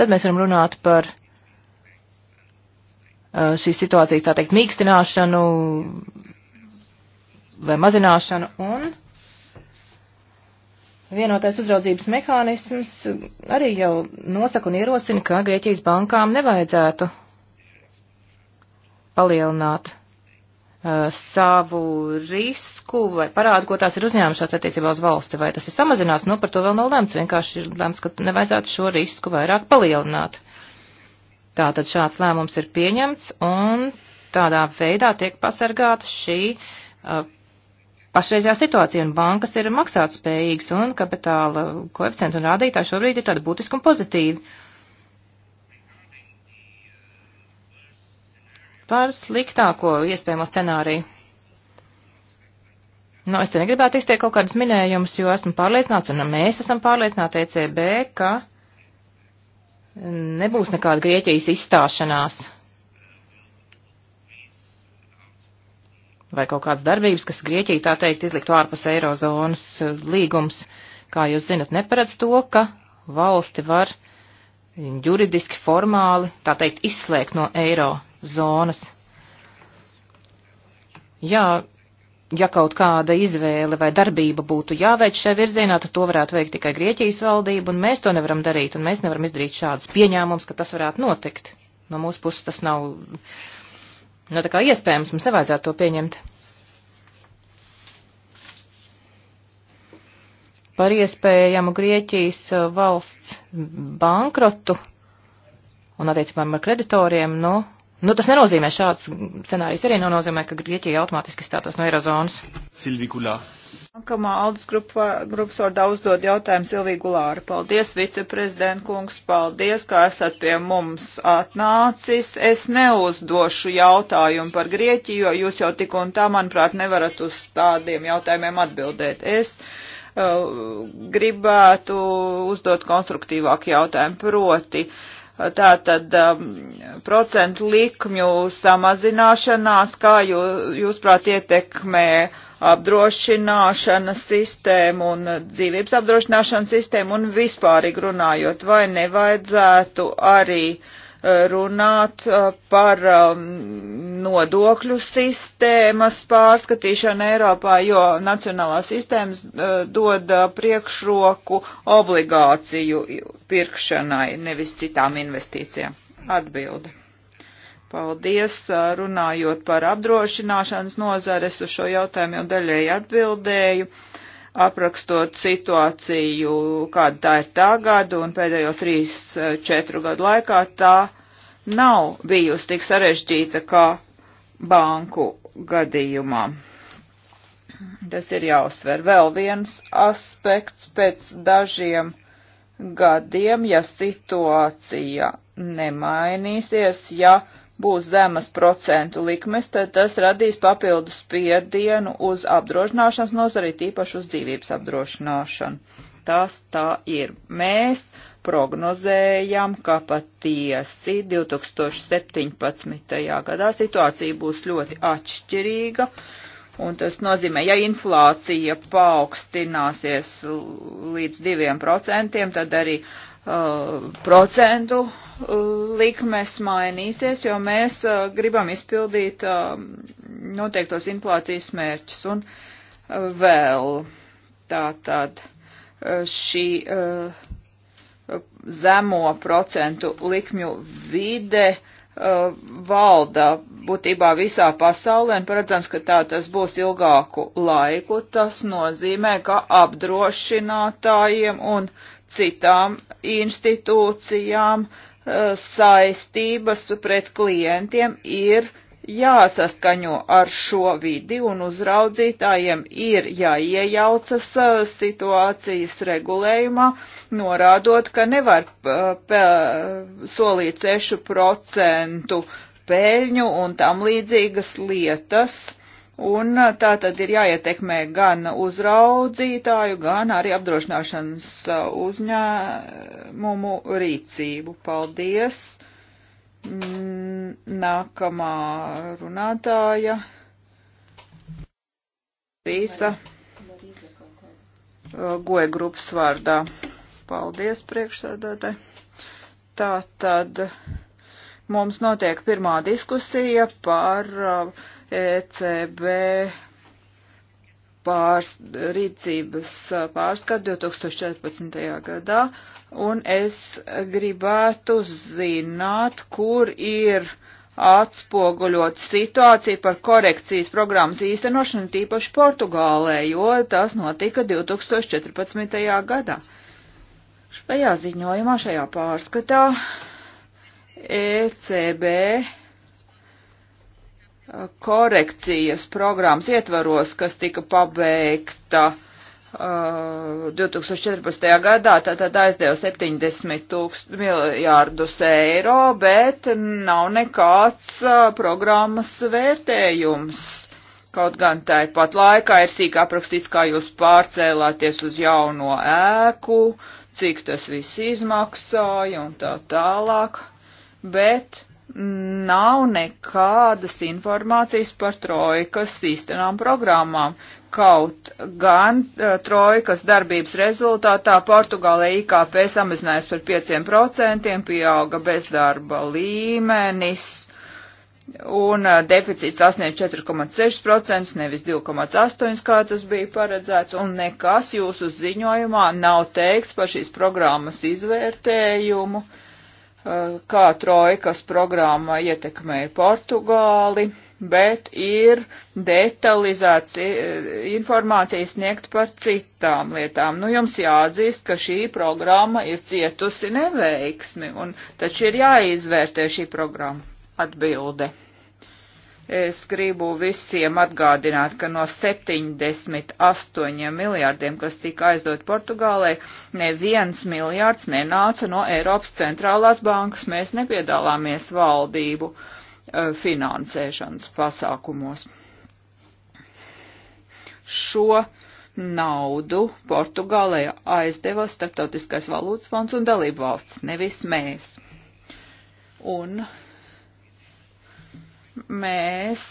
Tad mēs varam runāt par uh, šīs situācijas, tā teikt, mīkstināšanu vai mazināšanu un vienotais uzraudzības mehānisms arī jau nosaka un ierosina, ka Grieķijas bankām nevajadzētu palielināt Uh, savu risku vai parādu, ko tās ir uzņēmušās attiecībā uz valsti, vai tas ir samazināts, nu par to vēl nav lemts, vienkārši ir lemts, ka nevajadzētu šo risku vairāk palielināt. Tātad šāds lēmums ir pieņemts un tādā veidā tiek pasargāta šī uh, pašreizējā situācija un bankas ir maksātspējīgas un kapitāla koeficientu un rādītāji šobrīd ir tādi būtiski un pozitīvi. Uh, par sliktāko iespējamo scenāriju. Nu, es te negribētu izteikt kaut kādus minējumus, jo esmu pārliecināts, un mēs esam pārliecināti ECB, ka nebūs nekāda Grieķijas izstāšanās vai kaut kādas darbības, kas Grieķiju tā teikt izliktu ārpus eirozonas eh, līgums, kā jūs zinat, neparedz to, ka valsti var juridiski formāli, tā teikt, izslēgt no eiro zonas. Jā, ja kaut kāda izvēle vai darbība būtu jāveic šajā virzienā, tad to varētu veikt tikai Grieķijas valdība, un mēs to nevaram darīt, un mēs nevaram izdarīt šādus pieņēmumus, ka tas varētu notikt. No mūsu puses tas nav, no nu, tā kā iespējams, mums nevajadzētu to pieņemt. Par iespējamu Grieķijas eh, valsts bankrotu un attiecībām ar kreditoriem, nu, no Nu, tas nenozīmē šāds scenārijs arī nenozīmē, ka Grieķija automātiski stātos no Eirozonas. Silvija Gulāra. Nākamā Aldis grupa, grupas vārdā uzdod jautājumu Silvija Gulāra. Paldies, viceprezident kungs, paldies, ka esat pie mums atnācis. Es neuzdošu jautājumu par Grieķiju, jo jūs jau tik un tā, manuprāt, nevarat uz tādiem jautājumiem atbildēt. Es uh, gribētu uzdot konstruktīvāku jautājumu proti. Uh, tātad um, procentu likmju samazināšanās, kā jū, jūs prāt ietekmē apdrošināšanas sistēmu un dzīvības apdrošināšanas sistēmu un vispārīgi runājot, vai nevajadzētu arī uh, runāt uh, par um, nodokļu sistēmas pārskatīšanu Eiropā, jo nacionālās sistēmas uh, dod uh, priekšroku obligāciju pirkšanai, nevis citām investīcijām. Atbilde. Paldies, runājot par apdrošināšanas nozares, uz šo jautājumu jau daļēji atbildēju. Uh, aprakstot situāciju, kāda tā ir tagad, un pēdējo 3-4 eh, gadu laikā tā nav bijusi tik sarežģīta kā banku gadījumā. Tas ir jāuzsver. Vēl viens aspekts pēc dažiem gadiem, ja situācija nemainīsies, ja būs zemas procentu likmes, tad tas radīs papildus spiedienu uz apdrošināšanas nozari, tīpaši uz dzīvības apdrošināšanu. Tas tā ir. Mēs prognozējam, ka patiesi 2017. gadā situācija būs ļoti atšķirīga. Un tas nozīmē, ja inflācija paaugstināsies līdz 2%, tad arī uh, Uh, procentu uh, likmes mainīsies, jo mēs uh, gribam izpildīt um, noteiktos inflācijas mērķus un vēl tātad šī zemo procentu likmju vide valda būtībā visā pasaulē, un paredzams, ka tā tas būs ilgāku laiku. Tas nozīmē, ka apdrošinātājiem un citām institūcijām eh, saistības pret klientiem ir jāsaskaņo ar šo vidi un uzraudzītājiem ir jāiejaucas eh, situācijas regulējumā, norādot, ka nevar eh, solīt 6% peļņu un tam līdzīgas lietas Un uh, tā tad ir jāietekmē gan uzraudzītāju, gan arī apdrošināšanas uh, uzņēmumu rīcību. Paldies! Mm, nākamā runātāja. Rīsa. Uh, goja grupas vārdā. Paldies priekšsēdētāji. Tā tad mums notiek pirmā diskusija par uh, ECB pārs, rīcības pārskatu 2014. gadā, un es gribētu zināt, kur ir atspoguļot situāciju par korekcijas programmas īstenošanu tīpaši Portugālē, jo tas notika 2014. gadā. Šajā ziņojumā, šajā pārskatā ECB korekcijas programmas ietvaros, kas tika pabeigta uh, 2014. gadā, tātad aizdeva 70 tūkst, miljārdus eiro, bet nav nekāds uh, programmas vērtējums. Kaut gan tāpat laikā ir sīk aprakstīts, kā jūs pārcēlāties uz jauno ēku, cik tas viss izmaksāja un tā tālāk, bet nav nekādas informācijas par trojkas īstenām programmām. Kaut gan e, trojkas darbības rezultātā Portugālē IKP samazinājās par 5%, pieauga bezdarba līmenis un e, deficīts sasniedz 4,6%, nevis 2,8%, kā tas bija paredzēts, un nekas jūsu ziņojumā nav teikts par šīs programmas izvērtējumu. Uh, kā trojkas programma ietekmēja Portugāli, bet ir detalizēts e, informācija sniegt par citām lietām. Nu, jums jāatzīst, ka šī programma ir cietusi neveiksmi, un taču ir jāizvērtē šī programma atbilde. Es gribu visiem atgādināt, ka no 78 miljārdiem, kas tika aizdot Portugālē, neviens miljārds nenāca no Eiropas centrālās bankas. Mēs nepiedalāmies valdību eh, finansēšanas pasākumos. Šo naudu Portugālē aizdeva Startautiskais valūtas fonds un dalību valsts, nevis mēs. Un mēs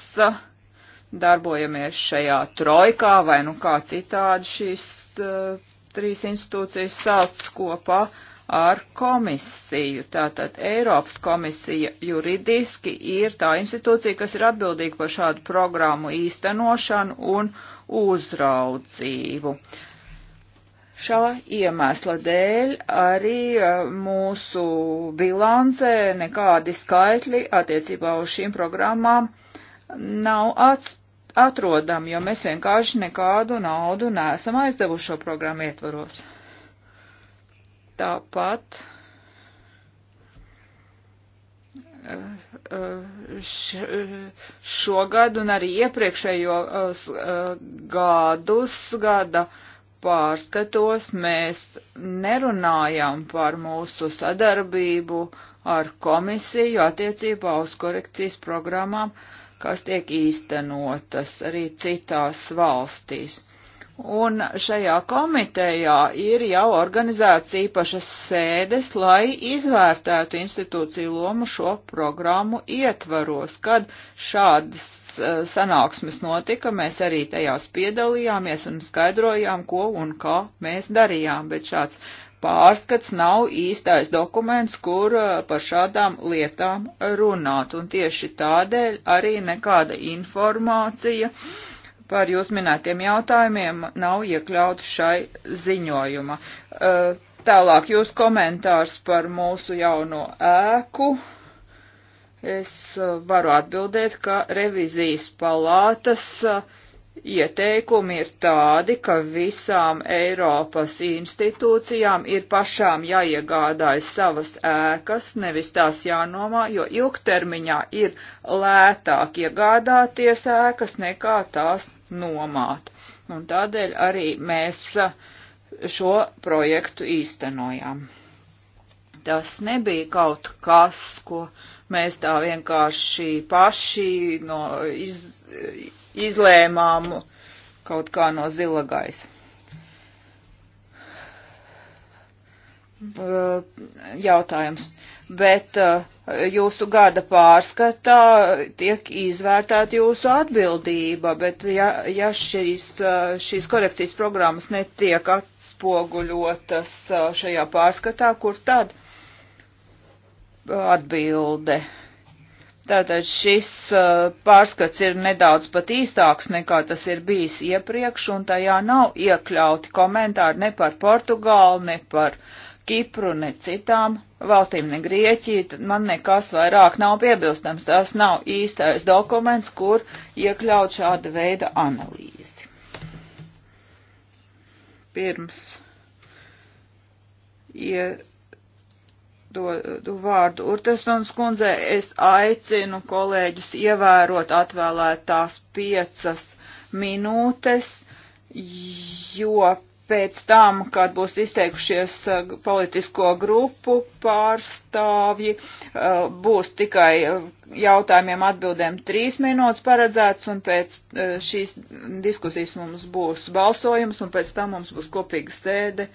darbojamies šajā trojkā vai nu kā citādi šīs uh, trīs institūcijas sauc kopā ar komisiju. Tātad Eiropas komisija juridiski ir tā institūcija, kas ir atbildīga par šādu programmu īstenošanu un uzraudzību. Uh, Šā iemesla dēļ arī eh, mūsu bilancē nekādi skaitļi attiecībā uz šīm programmām nav atrodami, jo mēs vienkārši nekādu naudu neesam aizdevuši šo programmu ietvaros. Tāpat eh, eh, šogad un arī iepriekšējo gadus gada uh, pārskatos mēs nerunājam par mūsu sadarbību ar komisiju attiecībā uz korekcijas programmām, kas tiek īstenotas arī citās valstīs. Un šajā komitejā ir jau organizētas īpašas sēdes, lai izvērtētu institūciju lomu šo programmu ietvaros. Kad šādas eh, sanāksmes notika, mēs arī tajās piedalījāmies un skaidrojām, ko un kā mēs darījām, bet šāds pārskats nav īstais dokuments, kur eh, par šādām lietām runāt, un tieši tādēļ arī nekāda informācija. Uh, par jūs minētiem jautājumiem nav iekļauts šai ziņojuma. Eh, tālāk jūs komentārs par mūsu jauno ēku. Es eh, varu atbildēt, ka revizijas palātas uh, Ieteikumi ir tādi, ka visām Eiropas institūcijām ir pašām jāiegādājas savas ēkas, nevis tās jānomā, jo ilgtermiņā ir lētāk iegādāties ēkas nekā tās nomāt. Un tādēļ arī mēs šo projektu īstenojām. Tas nebija kaut kas, ko mēs tā vienkārši paši no iz, izlēmām kaut kā no zila gaisa. Eh, jautājums. Bet eh, jūsu gada pārskatā tiek izvērtēta jūsu atbildība, bet ja, ja šīs, eh, šīs korekcijas programmas netiek atspoguļotas šajā pārskatā, kur tad atbilde? Uh, Tātad šis uh, pārskats ir nedaudz pat īsāks nekā tas ir bijis iepriekš, un tajā nav iekļauti komentāri ne par Portugālu, ne par Kipru, ne citām valstīm, ne Grieķiju. Tad man nekas vairāk nav piebilstams. Tas nav īstais dokuments, kur iekļaut šāda veida analīzi. Pirms. Ja dodu vārdu Urtesons kundzē. Es aicinu kolēģus ievērot atvēlētās piecas minūtes, jo pēc tam, kad būs izteikušies eh, politisko grupu pārstāvji, eh, būs tikai eh, jautājumiem atbildēm trīs minūtes paredzēts, un pēc šīs diskusijas mums būs balsojums, un pēc tam mums būs kopīga sēde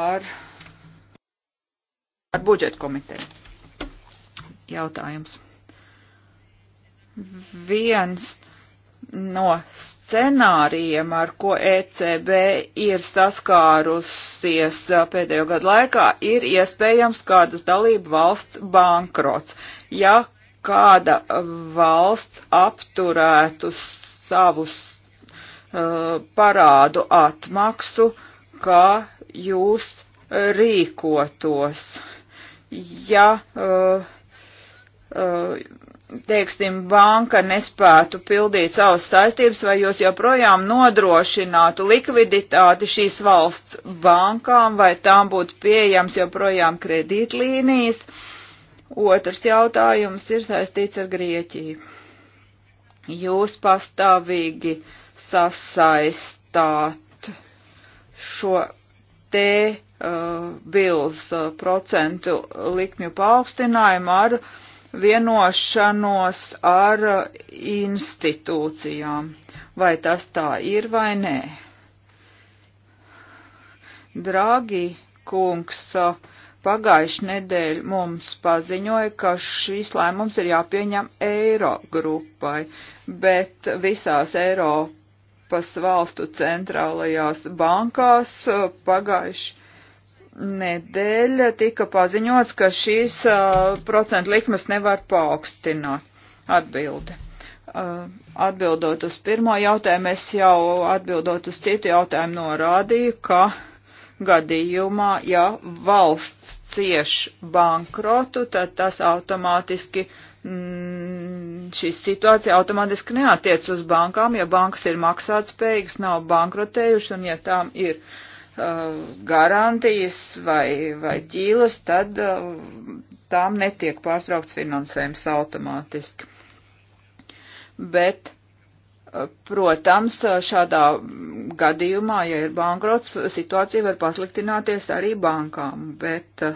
ar ar budžetu komiteju. Jautājums. Viens no scenārijiem, ar ko ECB ir saskārusies uh, pēdējo gadu laikā, ir iespējams kādas dalību valsts bankrots. Ja kāda valsts apturētu savus uh, parādu atmaksu, kā jūs rīkotos. Uh, ja, uh, uh, teiksim, banka nespētu pildīt savas saistības, vai jūs joprojām nodrošinātu likviditāti šīs valsts bankām, vai tām būtu pieejams joprojām kredītlīnijas? Otrs jautājums ir saistīts ar Grieķiju. Jūs pastāvīgi sasaistāt šo te Bils uh, uh, procentu likmju paaugstinājumu ar vienošanos ar uh, institūcijām. Vai tas tā ir vai nē? Dragi kungs, pagājuši nedēļ mums paziņoja, ka šīs lēmums ir jāpieņem eiro grupai, bet visās Eiropas valstu centrālajās bankās pagājuši nedēļa tika paziņots, ka šīs uh, procentu likmes nevar paaugstināt. Atbilde. Uh, atbildot uz pirmo jautājumu, es jau atbildot uz citu jautājumu norādīju, ka gadījumā, ja valsts cieš bankrotu, tad tas automātiski, mm, šī situācija automātiski neatiec uz bankām, ja bankas ir maksātspējīgas, nav bankrotējušas un ja tām ir uh, Uh, garantijas vai, vai ķīlas, tad uh, tām netiek pārtraukts finansējums automātiski. Bet uh, Protams, šādā gadījumā, ja ir bankrots, situācija var pasliktināties arī bankām, bet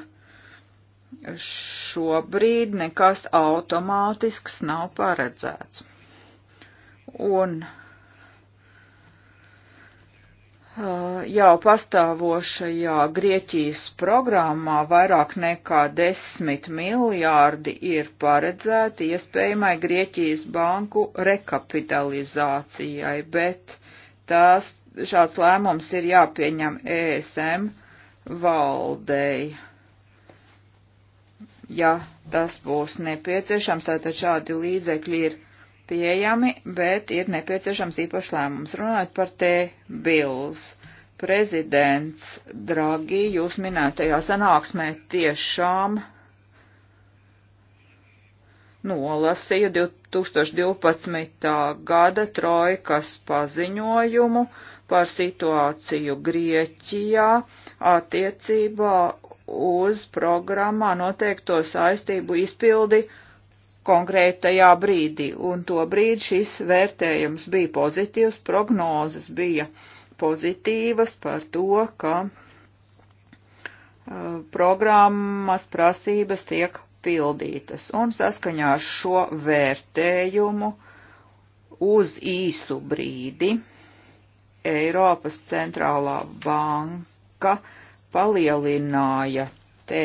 šobrīd nekas automātisks nav paredzēts. Un jau pastāvošajā Grieķijas programmā vairāk nekā 10 miljārdi ir paredzēti iespējamai Grieķijas banku rekapitalizācijai, bet tās, šāds lēmums ir jāpieņem ESM valdei. Ja tas būs nepieciešams, tātad šādi līdzekļi ir pieejami, bet ir nepieciešams īpašs lēmums. Runājot par T-bills, prezidents Dragi, jūs minētajā sanāksmē tiešām nolasīja 2012. gada trojkas paziņojumu par situāciju Grieķijā attiecībā uz programmā noteikto saistību izpildi konkrētajā brīdī, un to brīdi šis vērtējums bija pozitīvs, prognozes bija pozitīvas par to, ka uh, programmas prasības tiek pildītas, un saskaņā ar šo vērtējumu uz īsu brīdi Eiropas centrālā banka palielināja te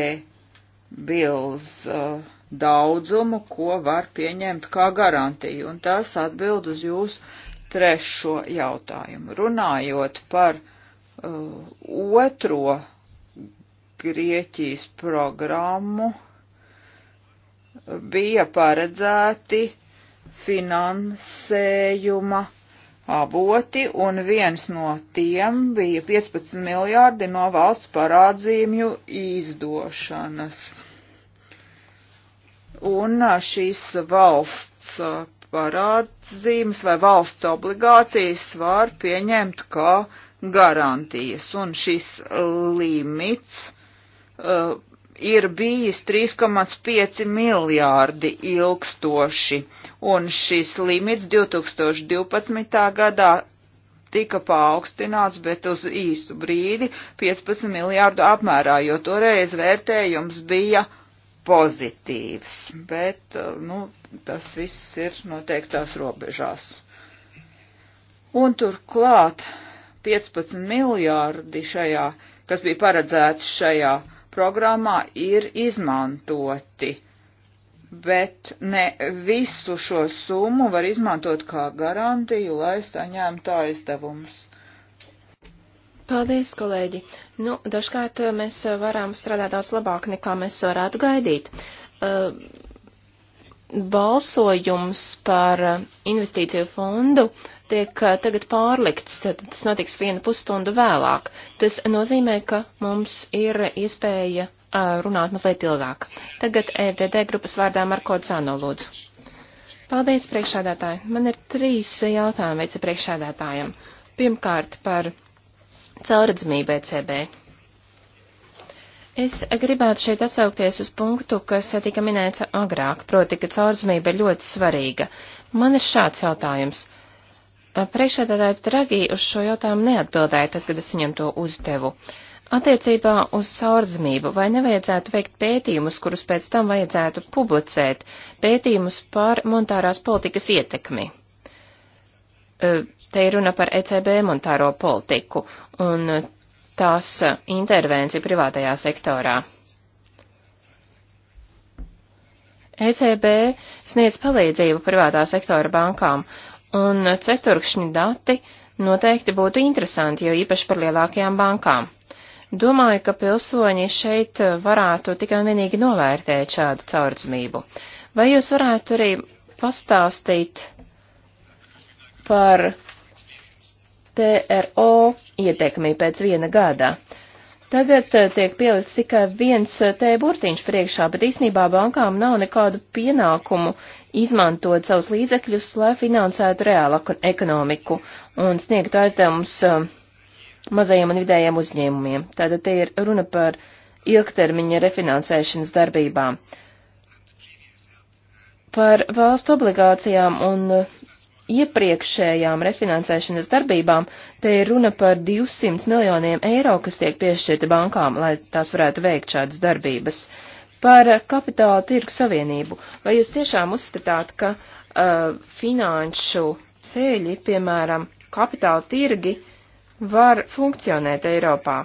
bills uh, daudzumu, ko var pieņemt kā garantiju. Un tas atbild uz jūsu trešo jautājumu. Runājot par uh, otro Grieķijas programmu, bija paredzēti finansējuma avoti, un viens no tiem bija 15 miljārdi no valsts parādzījumju izdošanas un šīs valsts parādzīmes vai valsts obligācijas var pieņemt kā garantijas, un šis limits uh, ir bijis 3,5 miljārdi ilgstoši, un šis limits 2012. gadā tika paaugstināts, bet uz īstu brīdi 15 miljārdu apmērā, jo toreiz vērtējums bija pozitīvs, bet uh, nu, tas viss ir noteiktās robežās. Un turklāt 15 miljārdi šajā, kas bija paredzēts šajā programmā, ir izmantoti bet ne visu šo summu var izmantot kā garantiju, lai saņemtu aizdevumus. Paldies, kolēģi! Nu, dažkārt eh, mēs eh, varam strādāt daudz labāk, nekā mēs varētu gaidīt. Uh, balsojums par investīciju fondu tiek tagad pārlikts, tad tas notiks vienu pusstundu vēlāk. Tas nozīmē, ka mums ir iespēja runāt mazliet ilgāk. Tagad EFDD grupas vārdā Marko Dzano lūdzu. Paldies, priekšādātāji. Man ir trīs jautājumi veica priekšādātājiem. Pirmkārt par caurredzamība ECB. Es gribētu šeit atsaukties uz punktu, kas tika minēts agrāk, proti, ka caurdzamība ir ļoti svarīga. Man ir šāds jautājums. Priekšsēdētājs Dragī uz šo jautājumu neatbildēja, tad, kad es viņam to uzdevu. Attiecībā uz caurdzamību vai nevajadzētu veikt pētījumus, kurus pēc tam vajadzētu publicēt, pētījumus par monetārās politikas ietekmi? Uh, Te ir runa par ECB monetāro politiku un tās intervenciju privātajā sektorā. ECB sniedz palīdzību privātā sektora bankām, un ceturkšņi dati noteikti būtu interesanti, jo īpaši par lielākajām bankām. Domāju, ka pilsoņi šeit varētu tikai un vienīgi novērtēt šādu caurdzmību. Vai jūs varētu arī pastāstīt par TRO ieteikumi pēc viena gada. Tagad eh, tiek pielikts tikai viens eh, T burtiņš priekšā, bet īsnībā bankām nav nekādu pienākumu izmantot savus līdzekļus, lai finansētu reālu ekonomiku un sniegtu aizdevumus eh, mazajiem un vidējiem uzņēmumiem. Tātad te ir runa par ilgtermiņa refinansēšanas darbībām. Par valstu obligācijām un iepriekšējām refinansēšanas darbībām, te ir runa par 200 miljoniem eiro, kas tiek piešķirti bankām, lai tās varētu veikt šādas darbības. Par kapitāla tirgu savienību. Vai jūs tiešām uzskatāt, ka uh, finanšu ceļi, piemēram, kapitāla tirgi, var funkcionēt Eiropā?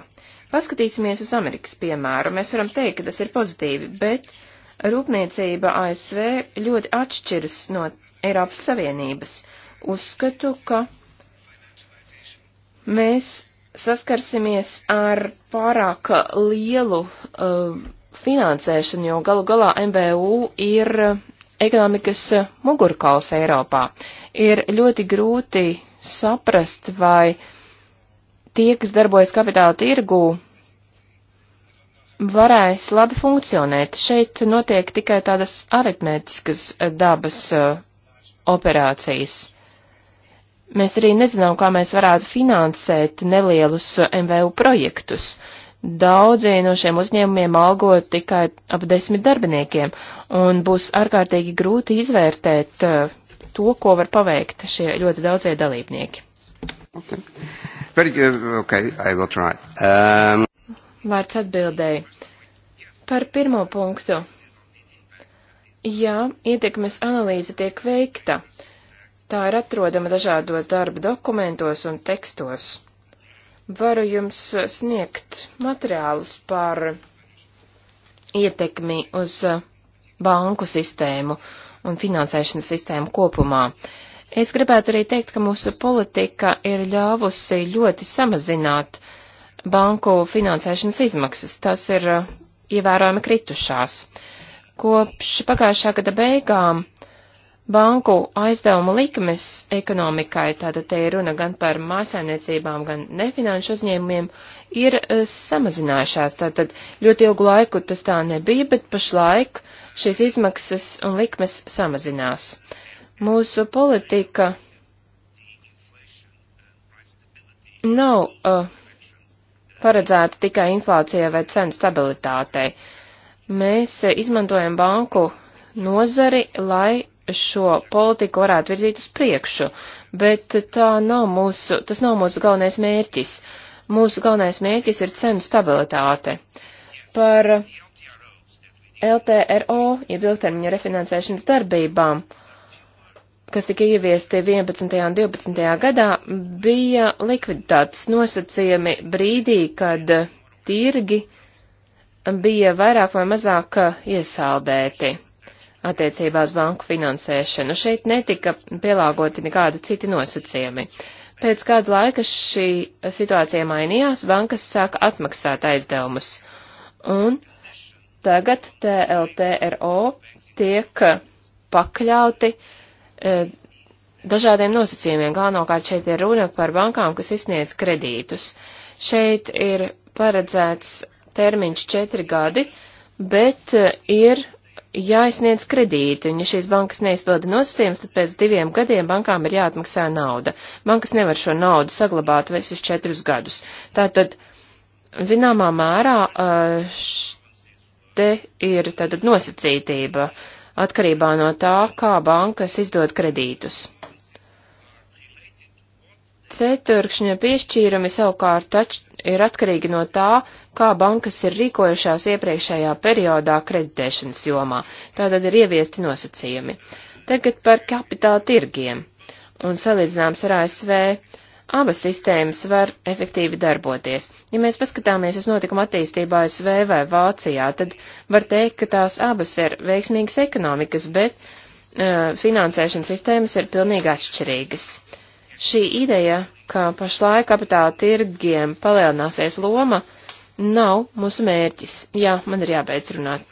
Paskatīsimies uz Amerikas piemēru. Mēs varam teikt, ka tas ir pozitīvi, bet uh, Rūpniecība ASV ļoti atšķiras no Eiropas Savienības. Uzskatu, ka mēs saskarsimies ar pārāk lielu uh, finansēšanu, jo galu galā MBU ir ekonomikas mugurkauls Eiropā. Ir ļoti grūti saprast, vai tie, kas darbojas kapitāla tirgū, varēs labi funkcionēt. Šeit notiek tikai tādas aritmētiskas eh, dabas uh, operācijas. Mēs arī nezinām, kā mēs varētu finansēt nelielus eh, MVU projektus. Daudzi no šiem uzņēmumiem algo tikai ap desmit darbiniekiem, un būs ārkārtīgi grūti izvērtēt uh, to, ko var paveikt šie ļoti daudzie dalībnieki. Okay. Very good. Okay, I will try. Um... Vārds atbildēja. Par pirmo punktu. Jā, ietekmes analīze tiek veikta. Tā ir atrodama dažādos darba dokumentos un tekstos. Varu jums sniegt materiālus par ietekmi uz banku sistēmu un finansēšanas sistēmu kopumā. Es gribētu arī teikt, ka mūsu politika ir ļāvusi ļoti samazināt uh, banku finansēšanas izmaksas. Tas ir eh, ievērojami kritušās. Kopš pagājušā gada beigām banku aizdevumu likmes ekonomikai, tātad te ir runa gan par mājsaimniecībām, gan nefinanšu uzņēmumiem, ir eh, samazinājušās. Tātad ļoti ilgu laiku tas tā nebija, bet pašlaik šīs izmaksas un likmes samazinās. Mūsu politika nav uh, paredzēta tikai inflācijai vai cenu stabilitātei. Mēs izmantojam banku nozari, lai šo politiku varētu virzīt uz priekšu, bet tā nav mūsu, tas nav mūsu galvenais mērķis. Mūsu galvenais mērķis ir cenu stabilitāte. Par LTRO, jeb ilgtermiņa refinansēšanas darbībām, uh, kas tika ieviesti 11. un 12. gadā, bija likviditātes nosacījumi brīdī, kad tirgi bija vairāk vai mazāk iesaldēti attiecībā uz banku finansēšanu. Šeit netika pielāgoti nekādi citi nosacījumi. Pēc kāda laika šī situācija mainījās, bankas sāka atmaksāt aizdevumus. Un tagad TLTRO tiek pakļauti uh, E, dažādiem nosacījumiem. Galvenokārt šeit ir runa par bankām, kas izsniedz kredītus. Šeit ir paredzēts termiņš četri gadi, bet e, ir jāizsniedz kredīti, un ja šīs bankas neizpilda nosacījums, tad pēc diviem gadiem bankām ir jāatmaksā nauda. Bankas nevar šo naudu saglabāt visus četrus gadus. Tātad, zināmā mērā, e, te ir tātad nosacītība. Uh, atkarībā no tā, kā bankas izdod kredītus. Ceturkšņa piešķīrumi savukārt tač, ir atkarīgi no tā, kā bankas ir rīkojušās iepriekšējā periodā kreditēšanas jomā. Tātad ir ieviesti nosacījumi. Tagad par kapitāla tirgiem. Un salīdzināms ar ASV, abas sistēmas var efektīvi darboties. Ja mēs paskatāmies uz notikumu attīstību ASV vai Vācijā, tad var teikt, ka tās abas ir veiksmīgas ekonomikas, bet uh, finansēšanas sistēmas ir pilnīgi atšķirīgas. Šī ideja, ka pašlaik kapitāla tirgiem palielināsies loma, nav mūsu mērķis. Jā, man ir jābeidz runāt.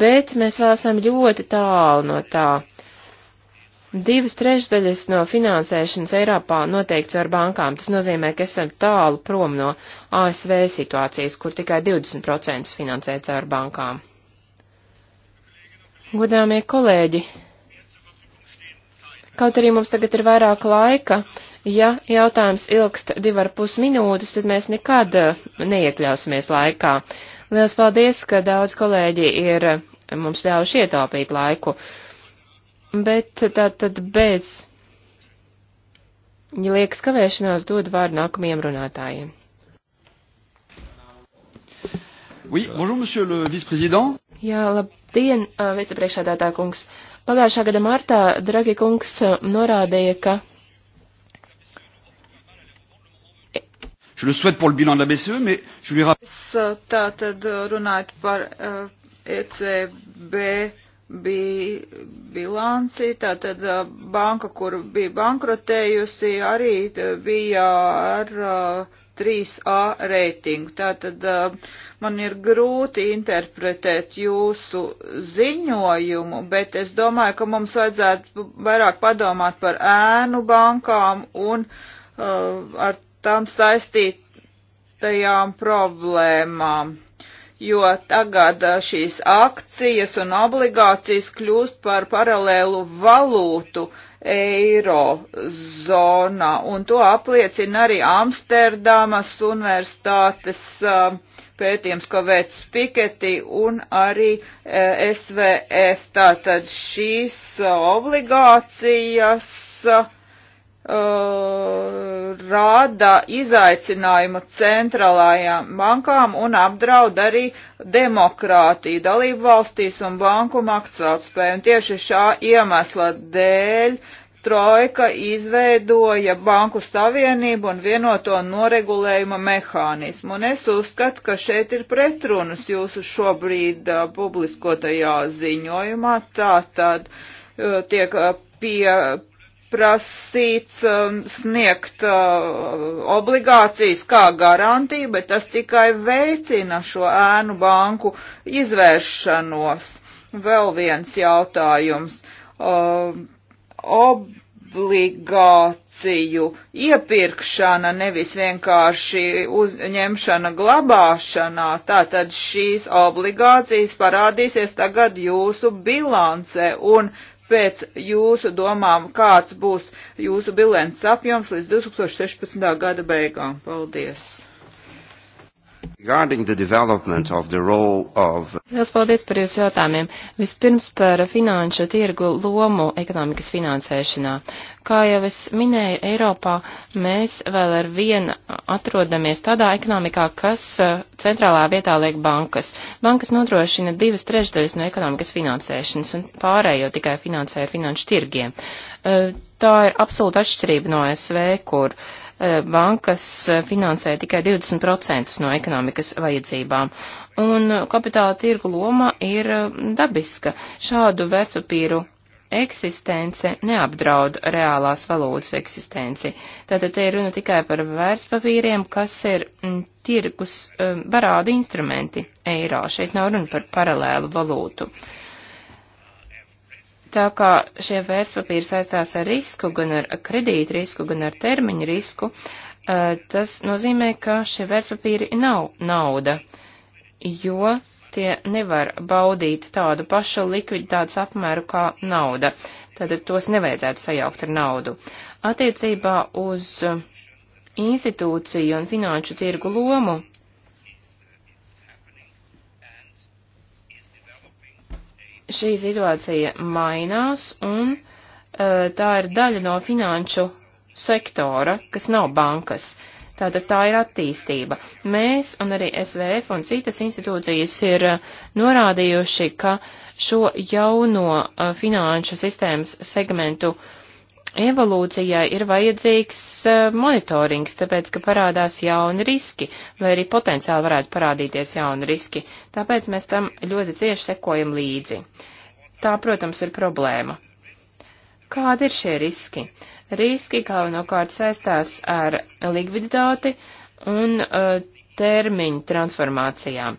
Bet mēs vēl esam ļoti tālu no tā. Divas trešdaļas no finansēšanas Eiropā noteikts ar bankām. Tas nozīmē, ka esam tālu prom no ASV situācijas, kur tikai 20% finansēts ar bankām. Godāmie kolēģi, kaut arī mums tagad ir vairāk laika, ja jautājums ilgst divi ar pus minūtes, tad mēs nekad uh, neiekļausimies laikā. Liels paldies, ka daudz kolēģi ir uh, mums ļāvuši ietaupīt laiku. Bet tātad bez, ja liekas kavēšanās, dod vārdu nākamajiem runātājiem. Oui, bonjour, monsieur le vice-président. Jā, labdien, vicepriekšādātā kungs. Pagājušā gada martā Dragi kungs norādīja, ka. Je le souhaite pour le bilan de la BCE, mais je lui rappelle. Tātad runājot par uh, ECB bija bilanci, tātad banka, kur bija bankrotējusi, arī bija ar 3A reitingu. Tātad man ir grūti interpretēt jūsu ziņojumu, bet es domāju, ka mums vajadzētu vairāk padomāt par ēnu bankām un uh, ar tām saistītajām problēmām jo tagad šīs akcijas un obligācijas kļūst par paralēlu valūtu eiro zonā, un to apliecina arī Amsterdamas universitātes pētījums, ko veic Piketi un arī SVF. Tātad šīs obligācijas uh, uh, rāda izaicinājumu centrālajām bankām un apdraud arī demokrātiju dalību valstīs un banku maksātspēju. Un tieši šā iemesla dēļ Trojka izveidoja Banku Savienību un vienoto noregulējuma mehānismu, un es uzskatu, ka šeit ir pretrunas jūsu šobrīd uh, publiskotajā ziņojumā. Tā tad uh, tiek uh, pie, prasīts um, sniegt uh, obligācijas kā garantiju, bet tas tikai veicina šo ēnu banku izvēršanos. Vēl viens jautājums. Uh, obligāciju iepirkšana, nevis vienkārši uzņemšana glabāšanā, tātad šīs obligācijas parādīsies tagad jūsu bilancē un pēc jūsu domām, kāds būs jūsu bilēns apjoms līdz 2016. gada beigām. Paldies! Of... Lielas paldies par jūsu jautājumiem. Vispirms par finanšu tirgu lomu ekonomikas finansēšanā. Kā jau es minēju, Eiropā mēs vēl ar vienu atrodamies tādā ekonomikā, kas eh, centrālā vietā liek bankas. Bankas nodrošina divas trešdaļas no ekonomikas finansēšanas un pārējo tikai finansē finanšu tirgiem. Eh, tā ir absolūta atšķirība no SV, kur uh, Eh, bankas eh, finansē tikai 20% no ekonomikas vajadzībām. Un eh, kapitāla tirgu loma ir dabiska. Šādu vecupīru eksistence neapdraud reālās valūtas eksistenci. Tātad te ir runa tikai par vērtspapīriem, kas ir mm, tirgus varādu instrumenti eiro. Šeit nav runa par paralēlu valūtu. Uh, Tā kā šie vērtspapīri saistās ar risku, gan ar kredītu risku, gan ar termiņu risku, eh, tas nozīmē, ka šie vērtspapīri nav nauda, jo tie nevar baudīt tādu pašu likviditātes apmēru kā nauda. Tātad tos nevajadzētu sajaukt ar naudu. Attiecībā uz institūciju un finanšu tirgu lomu šī situācija mainās un eh, tā ir daļa no finanšu sektora, kas nav bankas. Tātad tā ir attīstība. Mēs un arī SVF un citas institūcijas ir eh, norādījuši, ka šo jauno eh, finanšu sistēmas segmentu uh, evolūcijai ir vajadzīgs eh, monitorings, tāpēc, ka parādās jauni riski, vai arī potenciāli varētu parādīties jauni riski, tāpēc mēs tam ļoti cieši sekojam līdzi. Tā, protams, ir problēma. Kādi ir šie riski? Riski galvenokārt saistās ar likviditāti un uh, termiņu transformācijām.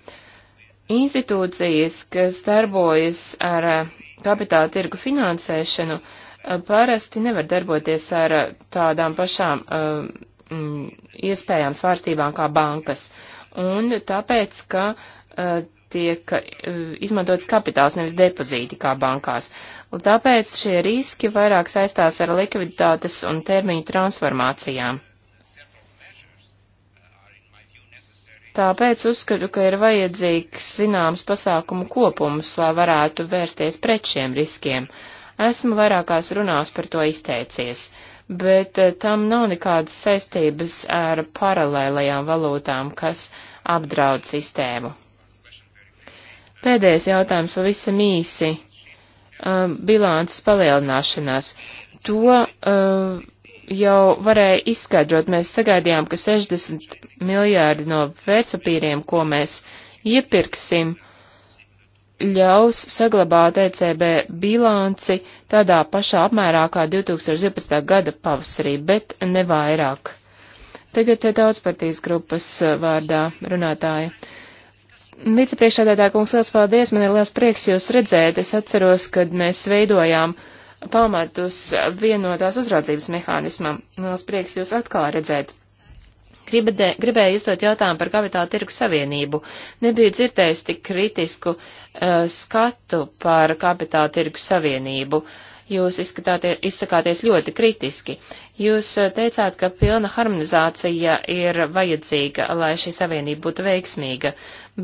Institūcijas, kas darbojas ar uh, kapitāla tirgu finansēšanu, uh, parasti nevar darboties ar eh, tādām pašām um, iespējām svārstībām kā bankas. Un tāpēc, ka uh, tiek uh, izmantots kapitāls, nevis depozīti kā bankās. Un tāpēc šie riski vairāk saistās ar likviditātes un termiņu transformācijām. Tāpēc uzskatu, ka ir vajadzīgs zināms pasākumu kopums, lai varētu vērsties pret šiem riskiem. Uh, Esmu vairākās runās par to izteicies, bet eh, tam nav nekādas saistības ar paralēlajām valūtām, kas apdraud sistēmu. Pēdējais jautājums pavisam īsi. Um, bilances palielināšanās. To uh, jau varēja izskaidrot. Mēs sagaidījām, ka 60 miljārdi no vērtspapīriem, ko mēs iepirksim, ļaus saglabāt ECB bilanci tādā pašā apmērā kā 2012. gada pavasarī, bet ne vairāk. Tagad daudzpartijas grupas vārdā runātāja. Vicepriekšādātā kungs, liels paldies, man ir liels prieks jūs redzēt. Es atceros, kad mēs veidojām pamatus vienotās uzraudzības mehānismam. Liels prieks jūs atkal redzēt. Gribedē, gribēju izdot jautājumu par kapitāla tirgu savienību. Nebiju dzirdējis tik kritisku uh, skatu par kapitāla tirgu savienību. Jūs izsakāties ļoti kritiski. Jūs eh, teicāt, ka pilna harmonizācija ir vajadzīga, lai šī savienība būtu veiksmīga,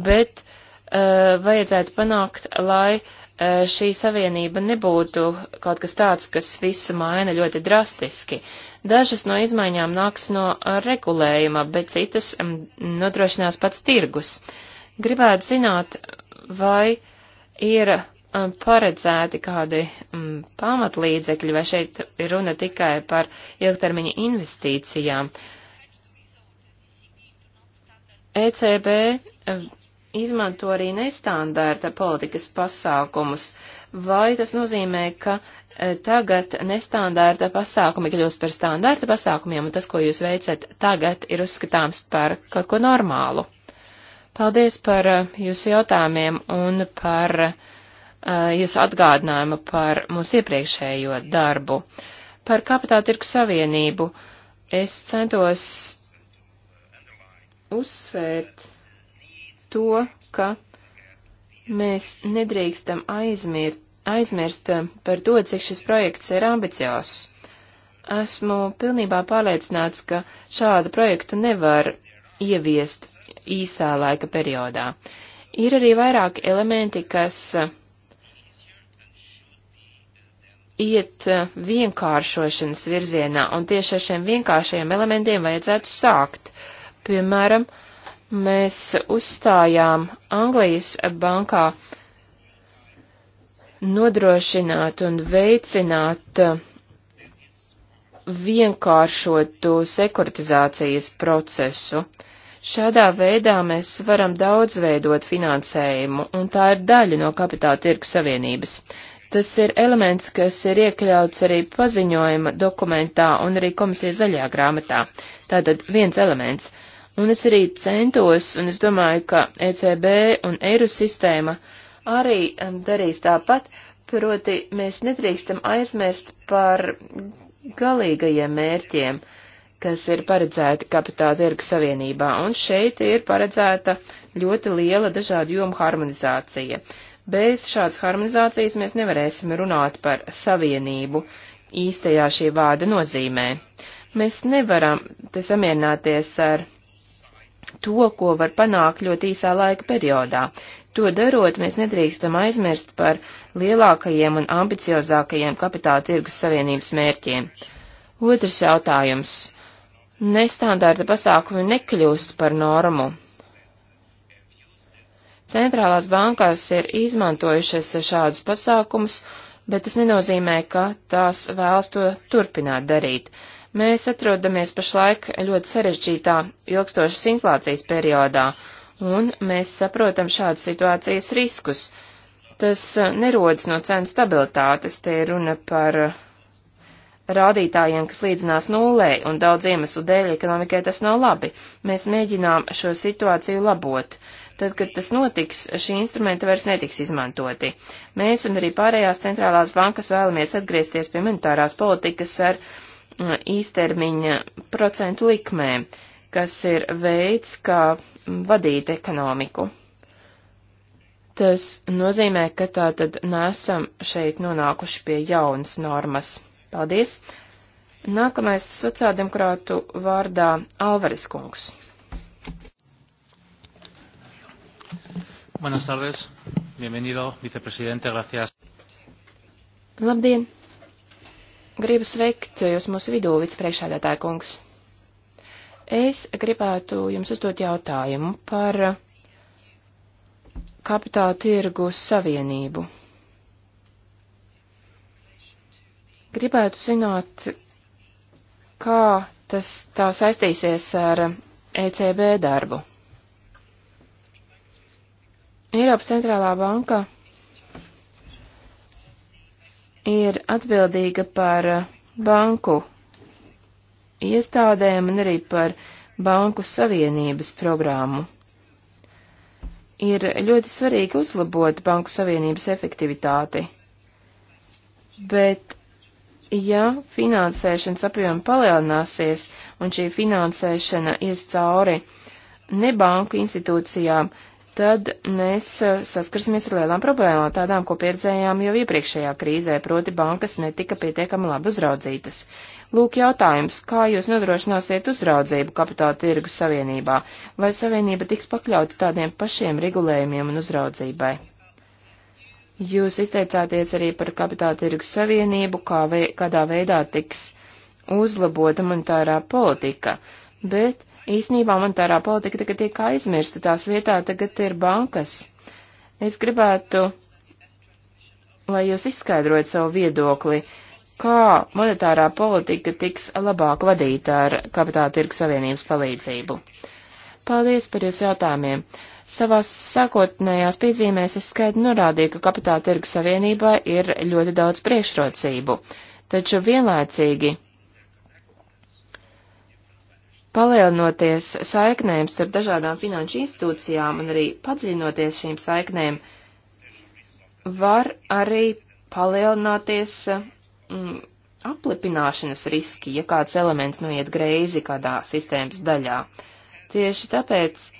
bet uh, vajadzētu panākt, lai uh, E, šī savienība nebūtu kaut kas tāds, kas visu maina ļoti drastiski. Dažas no izmaiņām nāks no regulējuma, bet citas nodrošinās pats tirgus. Gribētu zināt, vai ir paredzēti kādi pamatlīdzekļi, vai šeit ir runa tikai par ilgtermiņa investīcijām. ECB izmanto arī nestandarta politikas pasākumus, vai tas nozīmē, ka e, tagad nestandarta pasākumi kļūst par standarta pasākumiem, un tas, ko jūs veicat tagad, ir uzskatāms par kaut ko normālu? Paldies par e, jūsu jautājumiem un par e, jūsu atgādinājumu par mūsu iepriekšējo darbu. Par kapitāla tirku savienību es centos uzsvērt to, ka mēs nedrīkstam aizmirst, aizmirst par to, cik šis projekts ir ambiciozs. Esmu pilnībā pārliecināts, ka šādu projektu nevar ieviest īsā laika periodā. Ir arī vairāki elementi, kas iet vienkāršošanas virzienā, un tieši ar šiem vienkāršajiem elementiem vajadzētu sākt. Piemēram, uh, mēs uzstājām Anglijas bankā nodrošināt un veicināt vienkāršotu sekuritizācijas procesu. Šādā veidā mēs varam daudz veidot finansējumu, un tā ir daļa no kapitāla tirku savienības. Tas ir elements, kas ir iekļauts arī paziņojuma dokumentā un arī komisijas zaļajā grāmatā. Tātad viens elements. Un es arī centos, un es domāju, ka ECB un eiro sistēma arī um, darīs tāpat, proti mēs nedrīkstam aizmirst par galīgajiem mērķiem, kas ir paredzēti kapitāla tirgus savienībā, un šeit ir paredzēta ļoti liela dažādu jomu harmonizācija. Bez šādas harmonizācijas mēs nevarēsim runāt par savienību īstajā šī vārda nozīmē. Mēs nevaram te samierināties ar to, ko var panākt ļoti īsā laika periodā. To darot, mēs nedrīkstam aizmirst par lielākajiem un ambiciozākajiem kapitāla tirgus savienības mērķiem. Otrs jautājums. Nestandarta pasākumi nekļūst par normu. Centrālās bankās ir izmantojušas šādus pasākumus, bet tas nenozīmē, ka tās vēlas to turpināt darīt. Mēs atrodamies pašlaik ļoti sarežģītā ilgstošas inflācijas periodā, un mēs saprotam šādas situācijas riskus. Tas uh, nerodas no cenu stabilitātes, te ir runa par uh, rādītājiem, kas līdzinās nulē, un daudz iemeslu dēļ ekonomikai tas nav labi. Mēs mēģinām šo situāciju labot. Tad, kad tas notiks, šī instrumenta vairs netiks izmantoti. Mēs un arī pārējās centrālās bankas vēlamies atgriezties pie monetārās politikas ar Uh, īstermiņa procentu likmēm, kas ir veids, kā vadīt ekonomiku. Tas nozīmē, ka tā tad nesam šeit nonākuši pie jaunas normas. Paldies! Nākamais sociāldemokrātu vārdā Alvaris Kungs. Buenas tardes, bienvenido, viceprezidente, gracias. Labdien! Gribu sveikt jūs mūsu vidū, vicepriekšādātāja kungs. Es gribētu jums uzdot jautājumu par kapitāla tirgu savienību. Gribētu zināt, kā tas tā saistīsies ar ECB darbu. Eiropas centrālā banka ir atbildīga par banku iestādēm un arī par banku savienības programmu. Ir ļoti svarīgi uzlabot banku savienības efektivitāti, bet ja finansēšanas apjoma palielināsies un šī finansēšana ies cauri nebanku institūcijām, tad mēs e, saskarsimies ar lielām problēmām, tādām, ko pieredzējām jau iepriekšējā krīzē, proti bankas netika pietiekami labi uzraudzītas. Lūk jautājums, kā jūs nodrošināsiet uzraudzību kapitāla tirgu savienībā, vai savienība tiks pakļauta tādiem pašiem regulējumiem un uzraudzībai? Jūs izteicāties arī par kapitāla tirgu savienību, kā vei, kādā veidā tiks uzlabota monetārā politika, bet īsnībā monetārā politika tagad tiek aizmirsta, tās vietā tagad ir bankas. Es gribētu, lai jūs izskaidrojat savu viedokli, kā monetārā politika tiks labāk vadīta ar kapitāla tirgu savienības palīdzību. Paldies par jūsu jautājumiem. Savās sākotnējās piezīmēs es skaidri norādīju, ka kapitāla tirgu savienībai ir ļoti daudz priekšrocību, taču vienlaicīgi Palielinoties saiknēm starp dažādām finanšu institūcijām un arī padziļinoties šīm saiknēm, var arī palielināties mm, aplipināšanas riski, ja kāds elements noiet nu greizi kādā sistēmas daļā. Tieši tāpēc eh,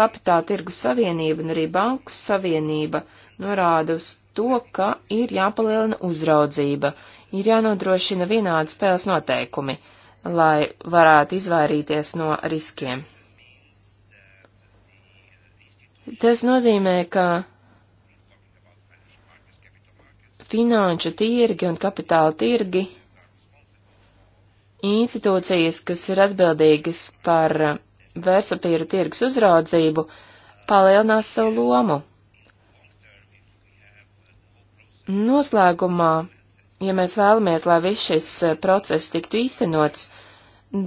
kapitāla tirgu savienība un arī banku savienība norāda uz to, ka ir jāpalielina uzraudzība, ir jānodrošina vienādi spēles noteikumi. Uh, lai varētu izvairīties no riskiem. Tas nozīmē, ka finanšu tirgi un kapitāla tirgi institūcijas, kas ir atbildīgas par vērsapīra tirgus uzraudzību, palielinās savu lomu. Noslēgumā ja mēs vēlamies, lai viss šis e, process tiktu īstenots,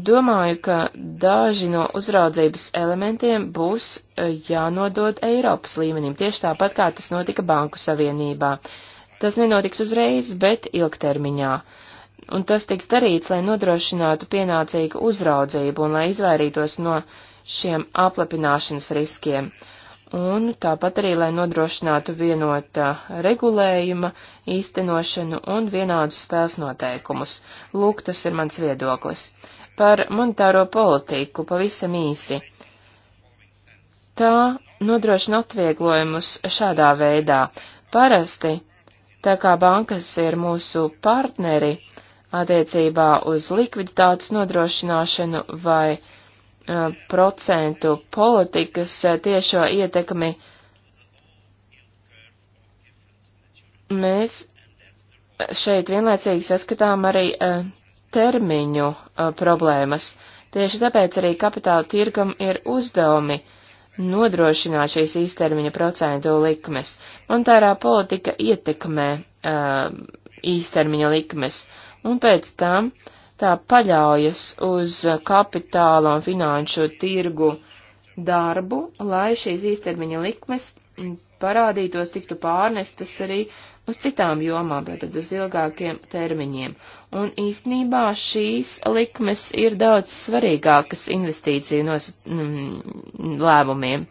domāju, ka daži no uzraudzības elementiem būs e, jānodod Eiropas līmenim, tieši tāpat kā tas notika Banku Savienībā. Tas nenotiks uzreiz, bet ilgtermiņā. Un tas tiks darīts, lai nodrošinātu pienācīgu uzraudzību un lai izvairītos no šiem aplepināšanas riskiem. Uh, un tāpat arī, lai nodrošinātu vienota regulējuma īstenošanu un vienādus spēles noteikumus. Lūk, tas ir mans viedoklis. Par monetāro politiku pavisam īsi. Tā nodrošina atvieglojumus šādā veidā. Parasti, tā kā bankas ir mūsu partneri attiecībā uz likviditātes nodrošināšanu vai procentu politikas eh, tiešo ietekmi, mēs šeit vienlaicīgi saskatām arī eh, termiņu eh, problēmas. Tieši tāpēc arī kapitāla tirgam ir uzdevumi nodrošināt šīs īstermiņa procentu likmes. Monetārā politika ietekmē uh, īstermiņa likmes, un pēc tam uh, tā paļaujas uz kapitāla un finanšu tirgu darbu, lai šīs īstermiņa likmes parādītos, tiktu pārnestas arī uz citām jomām, tātad uz ilgākiem termiņiem. Un īstenībā šīs likmes ir daudz svarīgākas investīciju nos, mm, lēmumiem.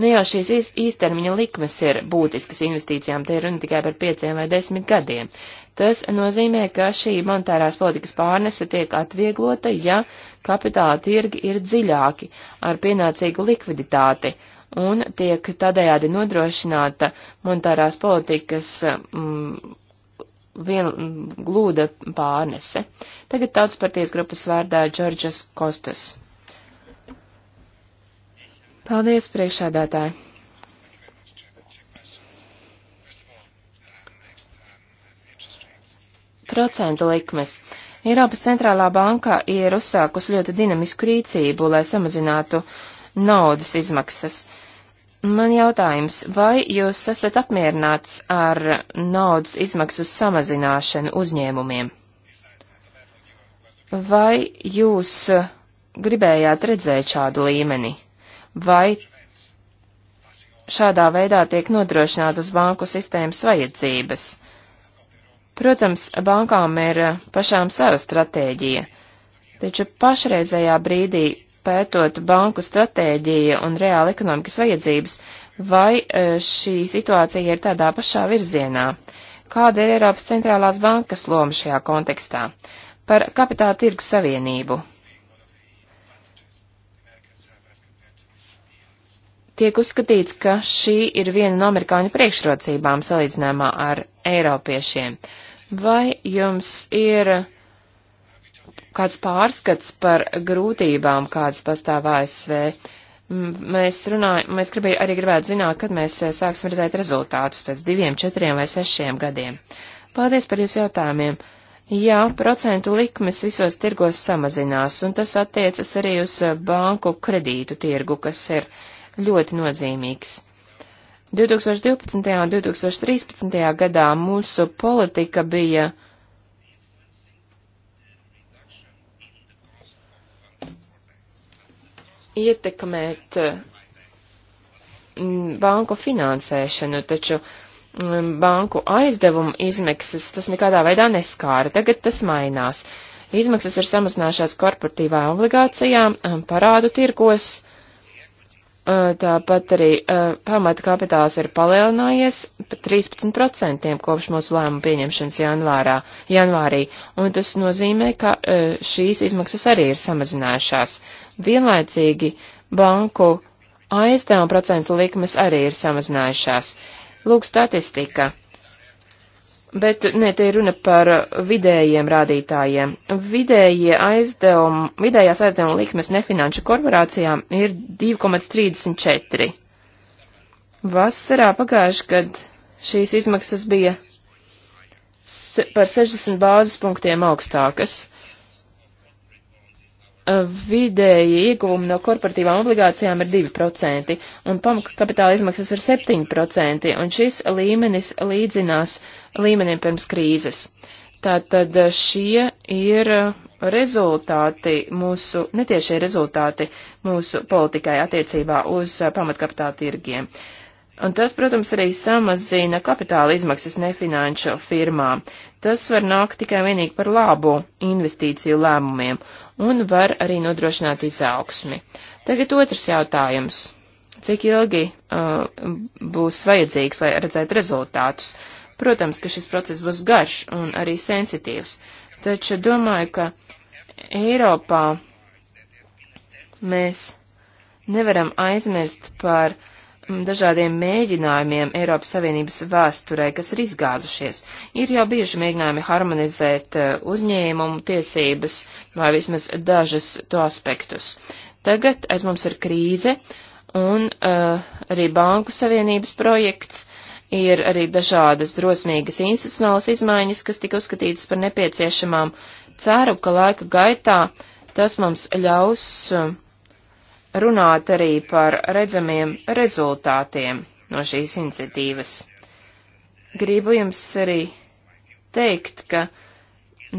Ne nu jau šīs īstermiņa likmes ir būtiskas investīcijām, te ir runa tikai par pieciem vai desmit gadiem. Tas nozīmē, ka šī monetārās politikas pārnese tiek atvieglota, ja kapitāla tirgi ir dziļāki ar pienācīgu likviditāti un tiek tādējādi nodrošināta monetārās politikas mm, vien mm, glūda pārnese. Tagad tautas parties grupas vārdā Džordžas Kostas. Paldies, priekšādātāji! procentu likmes. Eiropas centrālā banka ir uzsākus ļoti dinamisku rīcību, lai samazinātu naudas izmaksas. Man jautājums, vai jūs esat apmierināts ar naudas izmaksu samazināšanu uzņēmumiem? Vai jūs gribējāt redzēt šādu līmeni? Vai šādā veidā tiek nodrošinātas banku sistēmas vajadzības? Protams, bankām ir eh, pašām sava stratēģija, taču pašreizējā brīdī pētot banku stratēģiju un reāli ekonomikas vajadzības, vai eh, šī situācija ir tādā pašā virzienā? Kāda ir Eiropas centrālās bankas loma šajā kontekstā? Par kapitāla tirgu savienību. tiek uzskatīts, ka šī ir viena no amerikāņu priekšrocībām salīdzinājumā ar eiropiešiem, Vai jums ir kāds pārskats par grūtībām, kādas pastāv ASV? Mēs runājam, mēs gribēju, arī gribētu zināt, kad mēs eh, sāksim redzēt rezultātus pēc diviem, četriem vai sešiem gadiem. Paldies par jūsu jautājumiem. Jā, procentu likmes visos tirgos samazinās, un tas attiecas arī uz eh, banku kredītu tirgu, kas ir ļoti nozīmīgs. 2012. un 2013. gadā mūsu politika bija ietekmēt mm, banku finansēšanu, taču mm, banku aizdevumu izmaksas tas nekādā veidā neskāra. Tagad tas mainās. Izmaksas ir samazinājušās korporatīvā obligācijā, mm, parādu tirkos, Tāpat arī pamata kapitāls ir palielinājies par 13% kopš mūsu lēmuma pieņemšanas janvārā, janvārī, un tas nozīmē, ka šīs izmaksas arī ir samazinājušās. Vienlaicīgi banku aizdevuma procentu likmes arī ir samazinājušās. Lūk, statistika. Bet, nē, te ir runa par vidējiem rādītājiem. Vidējie aizdevumi, vidējās aizdevuma likmes nefinanšu korporācijām ir 2,34. Vasarā pagājuši, kad šīs izmaksas bija par 60 bāzes punktiem augstākas vidēji ieguvumi no korporatīvām obligācijām ir 2%, un pamatkapitāla izmaksas ir 7%, un šis līmenis līdzinās līmenim pirms krīzes. Tātad šie ir rezultāti mūsu, netiešie rezultāti mūsu politikai attiecībā uz pamatkapitāla tirgiem. Un tas, protams, arī samazina kapitāla izmaksas nefinanšu firmām. Tas var nākt tikai vienīgi par labu investīciju lēmumiem un var arī nodrošināt izaugsmi. Tagad otrs jautājums. Cik ilgi uh, būs vajadzīgs, lai redzētu rezultātus? Protams, ka šis process būs garš un arī sensitīvs, taču domāju, ka Eiropā mēs nevaram aizmirst par uh, dažādiem mēģinājumiem Eiropas Savienības vēsturē, kas ir izgāzušies. Ir jau bijuši mēģinājumi harmonizēt e, uzņēmumu tiesības vai vismaz dažas to aspektus. Tagad aiz mums ir krīze un uh, arī Banku Savienības projekts. Ir arī dažādas drosmīgas institucionālas izmaiņas, kas tika uzskatītas par nepieciešamām. Ceru, ka laika gaitā tas mums ļaus uh, runāt arī par redzamiem rezultātiem no šīs iniciatīvas. Gribu jums arī teikt, ka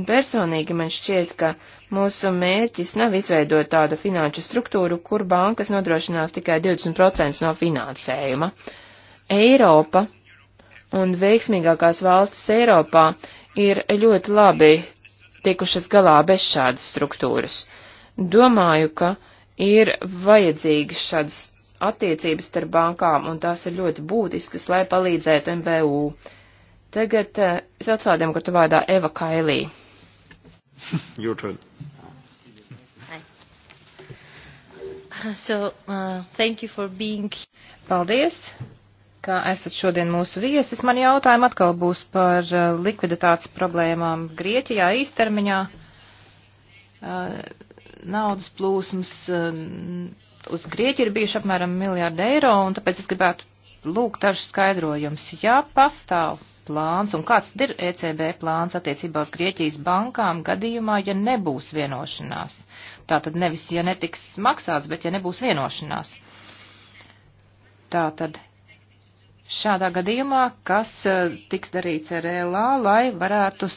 personīgi man šķiet, ka mūsu mērķis nav izveidot tādu finanšu struktūru, kur bankas nodrošinās tikai 20% no finansējuma. Eiropa un veiksmīgākās valstis Eiropā ir ļoti labi tikušas galā bez šādas struktūras. Domāju, ka uh, ir vajadzīgas šādas attiecības starp bankām, un tās ir ļoti būtiskas, lai palīdzētu MVU. Tagad eh, sociāldemokrāta vārdā Eva Kailī. Your turn. Uh, so, uh, thank you for being. Paldies, ka esat šodien mūsu viesis. Man jautājumi atkal būs par uh, likviditātes problēmām Grieķijā īstermiņā. Uh, naudas plūsmas eh, uz Grieķiju ir bijuši apmēram miljārdi eiro, un tāpēc es gribētu lūgt dažus skaidrojumus. Ja pastāv plāns, un kāds ir ECB plāns attiecībā uz Grieķijas bankām gadījumā, ja nebūs vienošanās? Tātad nevis, ja netiks maksāts, bet ja nebūs vienošanās. Tātad šādā gadījumā, kas eh, tiks darīts ar ELA, lai varētu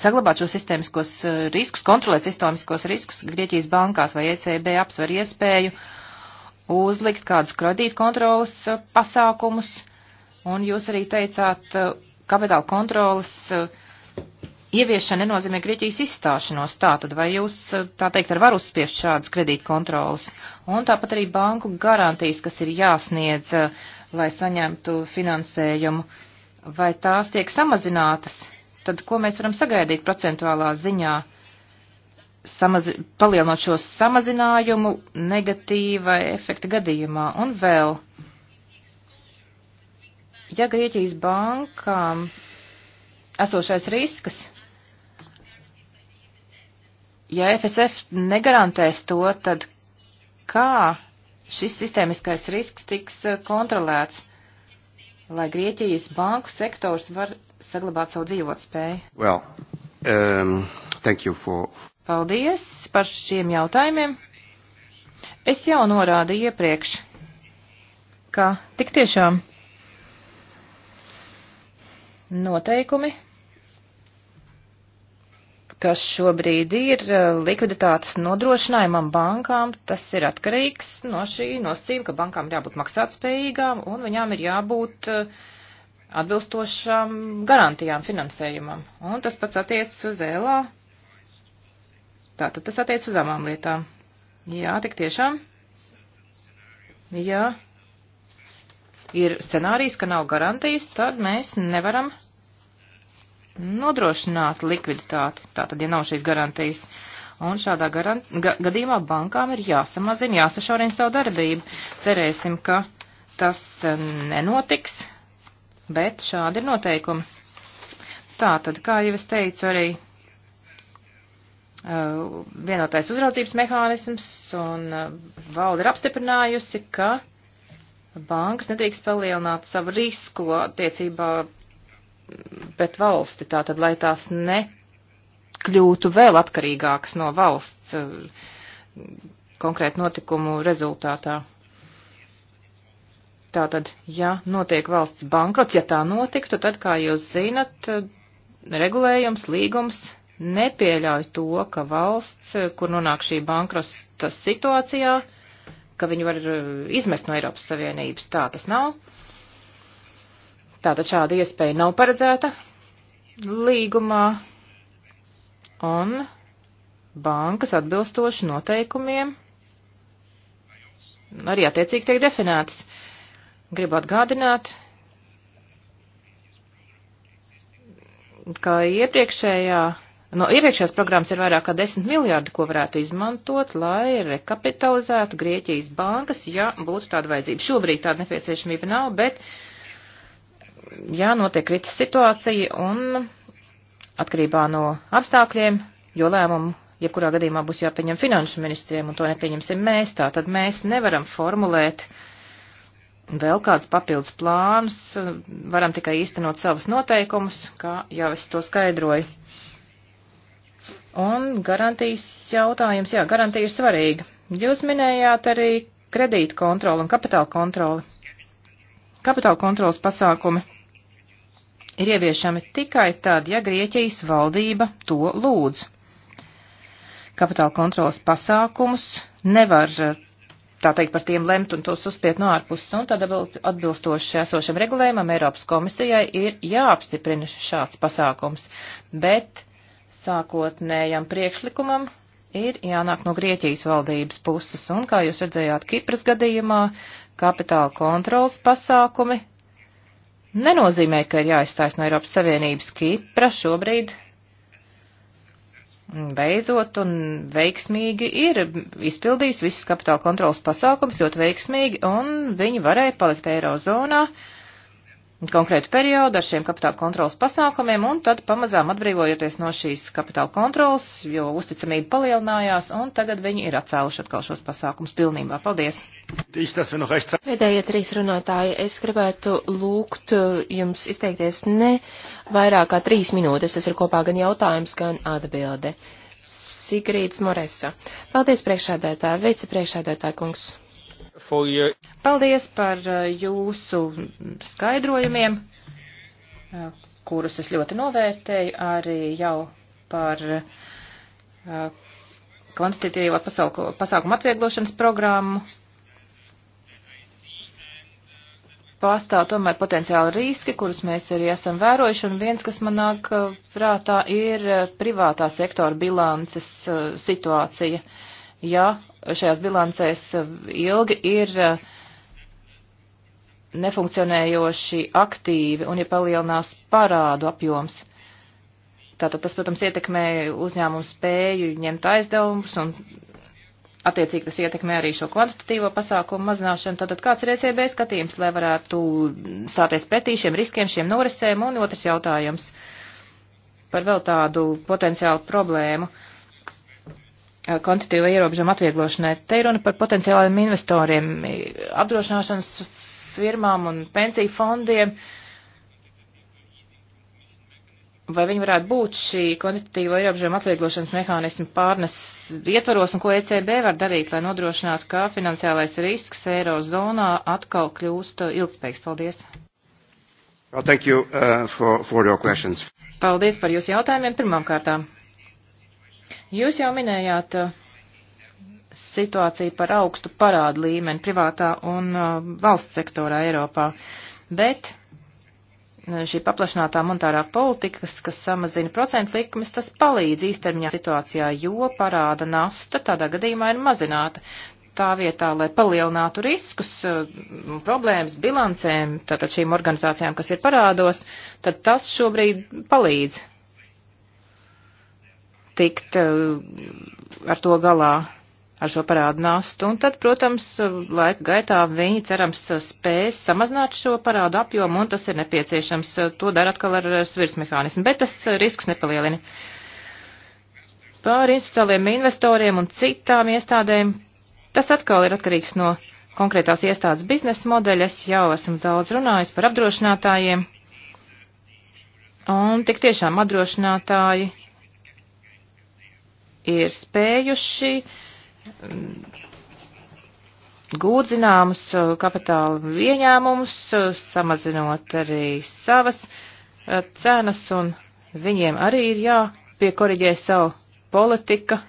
saglabāt šos sistēmiskos eh, riskus, kontrolēt sistēmiskos riskus Grieķijas bankās vai ECB apsver iespēju uzlikt kādus kredītkontrolas eh, pasākumus, un jūs arī teicāt, kapitāla kontrolas ieviešana nenozīmē Grieķijas izstāšanos, tā tad vai jūs, tā teikt, ar varu uzspiest šādas kredītkontrolas, un tāpat arī banku garantijas, kas ir jāsniedz uh, lai saņemtu finansējumu, vai tās tiek samazinātas, tad ko mēs varam sagaidīt procentuālā ziņā? Samaz, palielinot šo samazinājumu negatīva efekta gadījumā. Un vēl, ja Grieķijas bankām esošais risks ja FSF negarantēs to, tad kā šis sistēmiskais risks tiks eh, kontrolēts, lai Grieķijas banku sektors var saglabāt savu dzīvotspēju? Well, um, thank you for... Paldies par šiem jautājumiem. Es jau norādīju iepriekš, ka tik tiešām noteikumi kas šobrīd ir eh, likviditātes nodrošinājumam bankām, tas ir atkarīgs no šī nosacījuma, ka bankām ir jābūt maksātspējīgām un viņām ir jābūt eh, atbilstošām garantijām finansējumam. Un tas pats attiecas uz ēlā. Tātad tas attiecas uz abām lietām. Jā, tik tiešām. Jā. Ir scenārijs, ka nav garantijas, tad mēs nevaram nodrošināt likviditāti, tātad, ja nav šīs garantijas. Un šādā garan, ga, gadījumā bankām ir jāsamazina, jāsašaurina savu darbību. Cerēsim, ka tas eh, nenotiks, bet šādi ir noteikumi. Tātad, kā jau es teicu, arī uh, vienotais uzraudzības mehānisms un uh, valde ir apstiprinājusi, ka bankas nedrīkst palielināt savu risku attiecībā pret valsti, tātad, lai tās nekļūtu vēl atkarīgākas no valsts eh, konkrētu notikumu rezultātā. Tātad, ja notiek valsts bankrots, ja tā notiktu, tad, kā jūs zinat, regulējums, līgums nepieļauj to, ka valsts, kur nonāk šī bankrota situācijā, ka viņu var eh, izmest no Eiropas Savienības. Tā tas nav. Tātad šāda iespēja nav paredzēta līgumā, un bankas atbilstoši noteikumiem arī attiecīgi tiek definētas. Gribu atgādināt, ka iepriekšējā, no iepriekšējās programmas ir vairāk kā 10 miljārdi, ko varētu izmantot, lai rekapitalizētu Grieķijas bankas, ja būtu tāda vajadzība. Šobrīd tāda nepieciešamība nav, bet uh, jā, notiek kritis situācija un atkarībā no apstākļiem, jo lēmumu jebkurā gadījumā būs jāpieņem finanšu ministriem, un to nepieņemsim mēs, tā tad mēs nevaram formulēt vēl kādus papildus plānus, varam tikai īstenot savus noteikumus, kā jau es to skaidroju. Un garantijas jautājums, jā, garantija ir svarīga. Jūs minējāt arī kredīta kontroli un kapitāla kontroli. Kapitāla kontrolas pasākumi ir ieviešami tikai tad, ja Grieķijas valdība to lūdz. Kapitāla kontrolas pasākumus nevar tā teikt par tiem lemt un tos uzspiet no ārpuses, un tad atbilstoši esošam regulējumam Eiropas komisijai ir jāapstiprina šāds pasākums, bet sākotnējam priekšlikumam ir jānāk no Grieķijas valdības puses, un kā jūs redzējāt Kipras gadījumā, uh, Kapitāla kontrolas pasākumi nenozīmē, ka ir jāizstājas no Eiropas Savienības Kipra šobrīd. Beidzot un veiksmīgi ir izpildījis visus kapitāla kontrolas pasākums ļoti veiksmīgi, un viņi varēja palikt Eirozonā. Uh, konkrētu periodu ar šiem kapitāla kontrolas pasākumiem un tad pamazām atbrīvojoties no šīs kapitāla kontrolas, jo uzticamība palielinājās un tagad viņi ir atcēluši atkal šos pasākumus pilnībā. Paldies! Pēdējie trīs runātāji, es gribētu lūgt uh, jums izteikties ne vairāk kā trīs minūtes, tas ir kopā gan jautājums, gan atbilde. Sigrīds Moresa. Paldies priekšādētā, vicepriekšādētā kungs. Your... Paldies par uh, jūsu skaidrojumiem, uh, kurus es ļoti novērtēju, arī jau par uh, kvantitīvo pasākumu atvieglošanas programmu. Pastāv tomēr potenciāli riski, kurus mēs arī esam vērojuši, un viens, kas man nāk prātā, ir privātā sektora bilances situācija. Uh, ja šajās bilancēs ilgi ir eh, nefunkcionējoši aktīvi un ja palielinās parādu apjoms. Tātad tas, protams, ietekmē uzņēmumu spēju ņemt aizdevumus un attiecīgi tas ietekmē arī šo kvantitatīvo pasākumu mazināšanu. Tātad kāds ir ECB skatījums, lai varētu stāties pretī šiem riskiem, šiem norisēm? Un otrs jautājums par vēl tādu potenciālu problēmu. Uh, Eh, kvantitīva ierobežama atvieglošanai. Te ir runa par potenciālajiem investoriem, apdrošināšanas firmām un pensiju fondiem. Vai viņi varētu būt šī kvantitīva ierobežojuma atvieglošanas mehānismu pārnes ietvaros un ko ECB var darīt, lai nodrošinātu, ka finansiālais risks eirozonā atkal kļūst ilgspējīgs? Paldies! Well, thank you, uh, for, for your questions. Paldies par jūsu jautājumiem pirmām kārtām. Jūs jau minējāt uh, situāciju par augstu parādu līmeni privātā un uh, valsts sektorā Eiropā, bet uh, šī paplašinātā monetārā politika, kas, kas samazina procentu likmes, tas palīdz īstermiņā situācijā, jo parāda nasta tādā gadījumā ir mazināta. Tā vietā, lai palielinātu riskus, problēmas, bilancēm, tātad šīm organizācijām, kas ir parādos, tad tas šobrīd palīdz tikt eh, ar to galā, ar šo parādu nastu. Un tad, protams, eh, laika gaitā viņi cerams spēs samazināt šo parādu apjomu, un tas ir nepieciešams. To dara atkal ar eh, svirsmehānismu, bet tas risks nepalielina. Pār institucionāliem investoriem un citām iestādēm tas atkal ir atkarīgs no konkrētās iestādes biznesa modeļa. Es jau esmu daudz runājis par apdrošinātājiem. Un tik tiešām apdrošinātāji ir spējuši mm, gūt zināmus uh, kapitāla ieņēmumus, uh, samazinot arī savas uh, cenas, un viņiem arī ir jāpiekoriģē savu politika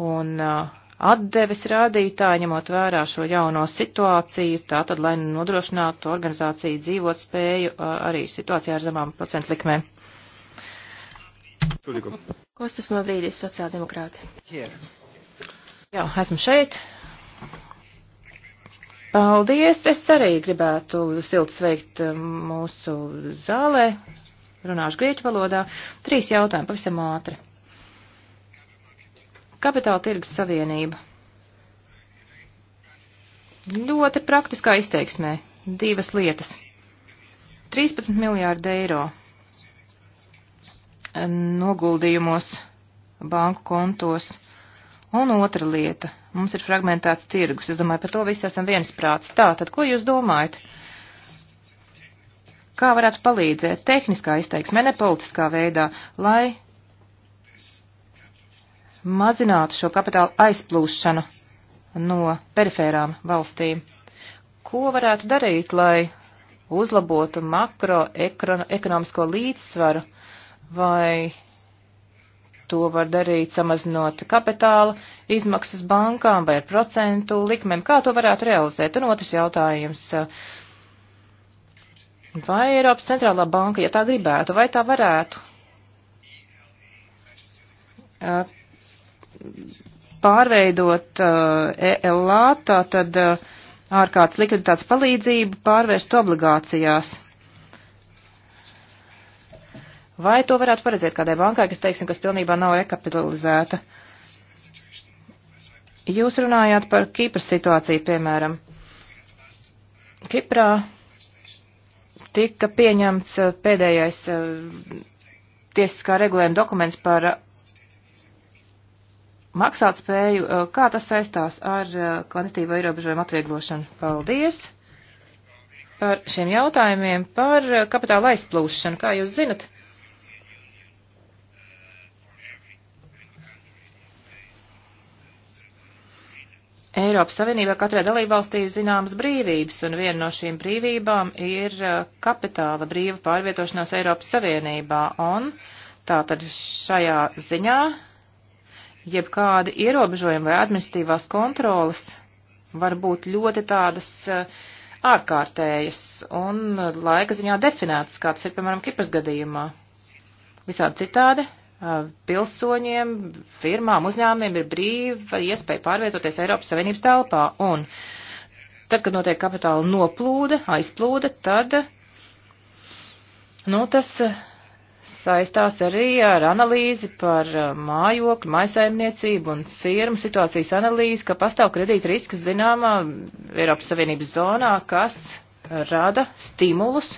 un atdeves rādītāji, ņemot vērā šo jauno situāciju, tātad, lai nodrošinātu organizāciju dzīvot spēju arī situācijā ar zemām procentu likmēm. Kostas no brīdis, sociāldemokrāti. Here. Jā, esmu šeit. Paldies! Es arī gribētu silti sveikt um, mūsu zālē. Runāšu grieķu valodā. Trīs jautājumi pavisam ātri. Kapitāla tirgus savienība. Ļoti praktiskā izteiksmē. Divas lietas. 13 miljārdi eiro noguldījumos banku kontos. Un otra lieta - mums ir fragmentāts tirgus. Es domāju, par to visi esam viensprāts. Tā, tad ko jūs domājat? Kā varētu palīdzēt tehniskā izteiksmē, ne politiskā veidā, lai mazinātu šo kapitālu aizplūšanu no perifērām valstīm? Ko varētu darīt, lai uzlabotu makroekonomisko līdzsvaru? vai to var darīt samazinot kapitāla izmaksas bankām vai ar procentu likmēm, kā to varētu realizēt. Un otrs jautājums. Vai Eiropas centrālā banka, ja tā gribētu, vai tā varētu pārveidot ELA, tātad ārkārtas likviditātes palīdzību, pārvērst obligācijās? Vai to varētu paredzēt kādai bankai, kas, teiksim, kas pilnībā nav rekapitalizēta? Jūs runājāt par Kīpras situāciju, piemēram. Kiprā tika pieņemts eh, pēdējais eh, tiesiskā regulējuma dokuments par eh, maksātspēju. Kā tas saistās ar kvantitīvo ierobežojumu atvieglošanu? Paldies par šiem jautājumiem par kapitāla aizplūšanu. Kā jūs zinat, Eiropas Savienībā katrai dalībvalstī ir zināmas brīvības, un viena no šīm brīvībām ir uh, kapitāla brīva pārvietošanās Eiropas Savienībā, un tātad šajā ziņā jebkādi ierobežojumi vai administratīvās kontrolas var būt ļoti tādas uh, ārkārtējas un uh, laika ziņā definētas, kāds ir, piemēram, Kipras gadījumā. Visādi citādi Uh, pilsoņiem, firmām, uzņēmumiem ir brīva iespēja pārvietoties Eiropas Savienības telpā. Un tad, kad notiek kapitāla noplūde, aizplūde, tad, nu, tas uh, saistās arī ar analīzi par uh, mājokļu, maisaimniecību un firmu situācijas analīzi, ka pastāv kredīta risks zināmā Eiropas Savienības zonā, kas rada stimulus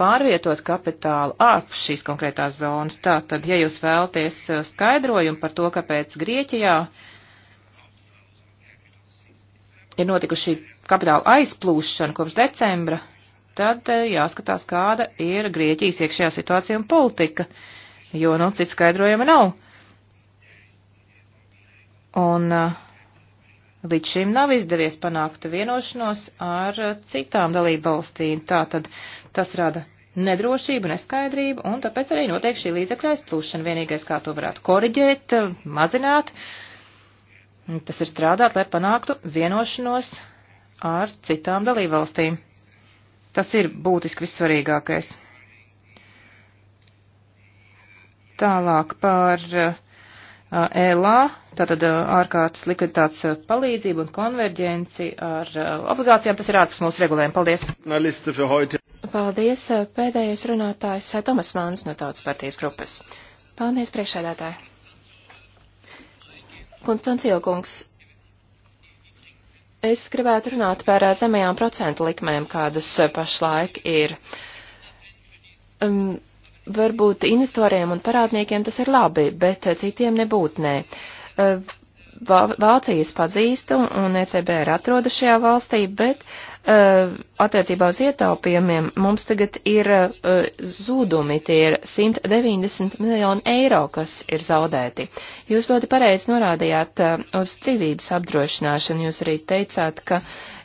pārvietot kapitālu ārpus šīs konkrētās zonas. Tātad, ja jūs vēlaties uh, skaidrojumu par to, kāpēc Grieķijā ir notikuši kapitāla aizplūšana kopš decembra, tad uh, jāskatās, kāda ir Grieķijas iekšējā situācija un politika, jo, nu, cits skaidrojuma nav. Un uh, Līdz šim nav izdevies panākt vienošanos ar citām dalību valstīm. Tātad tas rada nedrošību, neskaidrību, un tāpēc arī notiek šī līdzekļa aizplūšana. Vienīgais, kā to varētu koriģēt, mazināt, tas ir strādāt, lai panāktu vienošanos ar citām dalību valstīm. Tas ir būtiski vissvarīgākais. Tālāk par uh, ELA Tātad ārkārtas likviditātes palīdzību un konverģenci ar obligācijām, tas ir ārpus mūsu regulējuma. Paldies! Paldies! Pēdējais runātājs Tomas Mans no Tautas partijas grupas. Paldies, priekšēdētāji! Konstancijo kungs, es gribētu runāt par zemajām procentu likmēm, kādas pašlaik ir. Um, varbūt investoriem un parādniekiem tas ir labi, bet citiem nebūtnē. Ne. Vācijas pazīstu un ECB ir atroda šajā valstī, bet uh, attiecībā uz ietaupījumiem mums tagad ir uh, e, zūdumi, tie ir 190 miljoni eiro, kas ir zaudēti. Jūs ļoti pareizi norādījāt uh, uz civības apdrošināšanu, jūs arī teicāt, ka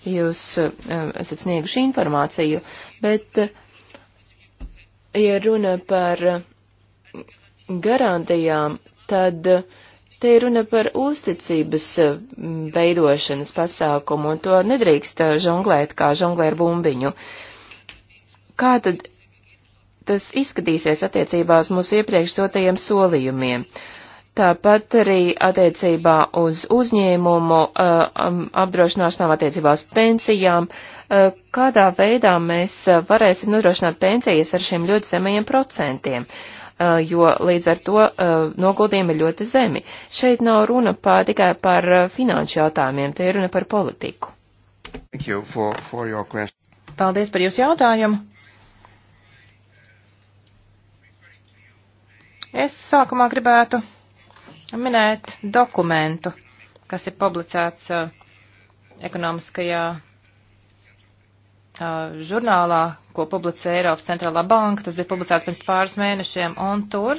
jūs esat snieguši informāciju, bet ja runa par garantijām, tad uh, Te ir runa par uzticības eh, veidošanas pasākumu, un to nedrīkst eh, žonglēt kā žonglē ar bumbiņu. Kā tad tas izskatīsies attiecībā uz mūsu iepriekš dotajiem solījumiem? Tāpat arī attiecībā uz uzņēmumu, eh, apdrošināšanām, attiecībā uz pensijām, kādā veidā mēs varēsim nodrošināt pensijas ar šiem ļoti zemajiem procentiem. Uh, Eh, jo līdz ar to eh, noguldījumi ir ļoti zemi. Šeit nav runa pā, tikai par eh, finanšu jautājumiem, te ir runa par politiku. You for, for Paldies par jūsu jautājumu. Es sākumā gribētu minēt dokumentu, kas ir publicēts ekonomiskajā žurnālā, ko publicē Eiropas centrālā banka, tas bija publicēts pirms pāris mēnešiem, un tur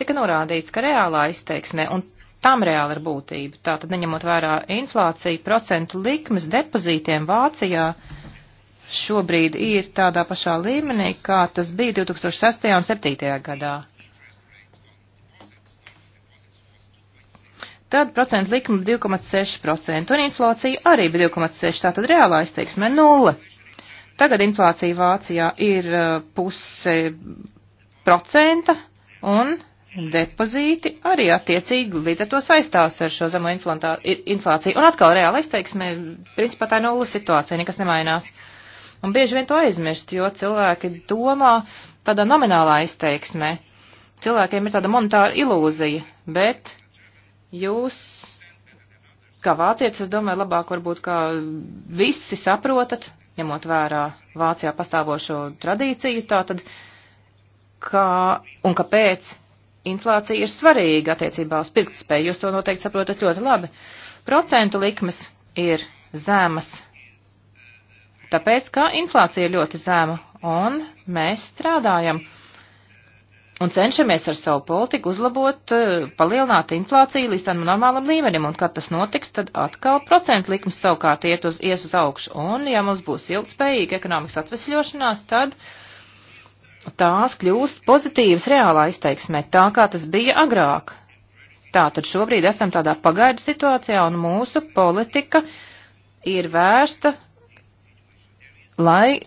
tika norādīts, ka reālā izteiksmē, un tam reāli ir būtība, tātad neņemot vērā inflāciju, procentu likmes depozītiem Vācijā, šobrīd ir tādā pašā līmenī, kā tas bija 2006. un 2007. gadā. Tad procentu likuma 2,6% un inflācija arī bija 2,6%, tātad reālā izteiksme nulle. Tagad inflācija Vācijā ir uh, puse procenta un depozīti arī attiecīgi līdz ar to saistās ar šo zemo inflāciju. Un atkal reāla izteiksme, principā tā ir nulles situācija, nekas nemainās. Un bieži vien to aizmirst, jo cilvēki domā tādā nominālā izteiksmē. Cilvēkiem ir tāda monetāra ilūzija, bet jūs, kā vācietis, es domāju, labāk varbūt kā visi saprotat, ņemot vērā Vācijā pastāvošo tradīciju, tātad, kā un kāpēc inflācija ir svarīga attiecībā uz pirktspēju. Jūs to noteikti saprotat ļoti labi. Procentu likmes ir zemas, tāpēc, ka inflācija ir ļoti zema, un mēs strādājam un cenšamies ar savu politiku uzlabot, eh, palielināt inflāciju līdz tam normālam līmenim, un kad tas notiks, tad atkal procentu likums savukārt iet uz, ies uz augšu, un ja mums būs ilgspējīga ekonomikas atvesļošanās, tad tās kļūst pozitīvas reālā izteiksmē, tā kā tas bija agrāk. Tātad šobrīd esam tādā pagaidu situācijā, un mūsu politika ir vērsta, lai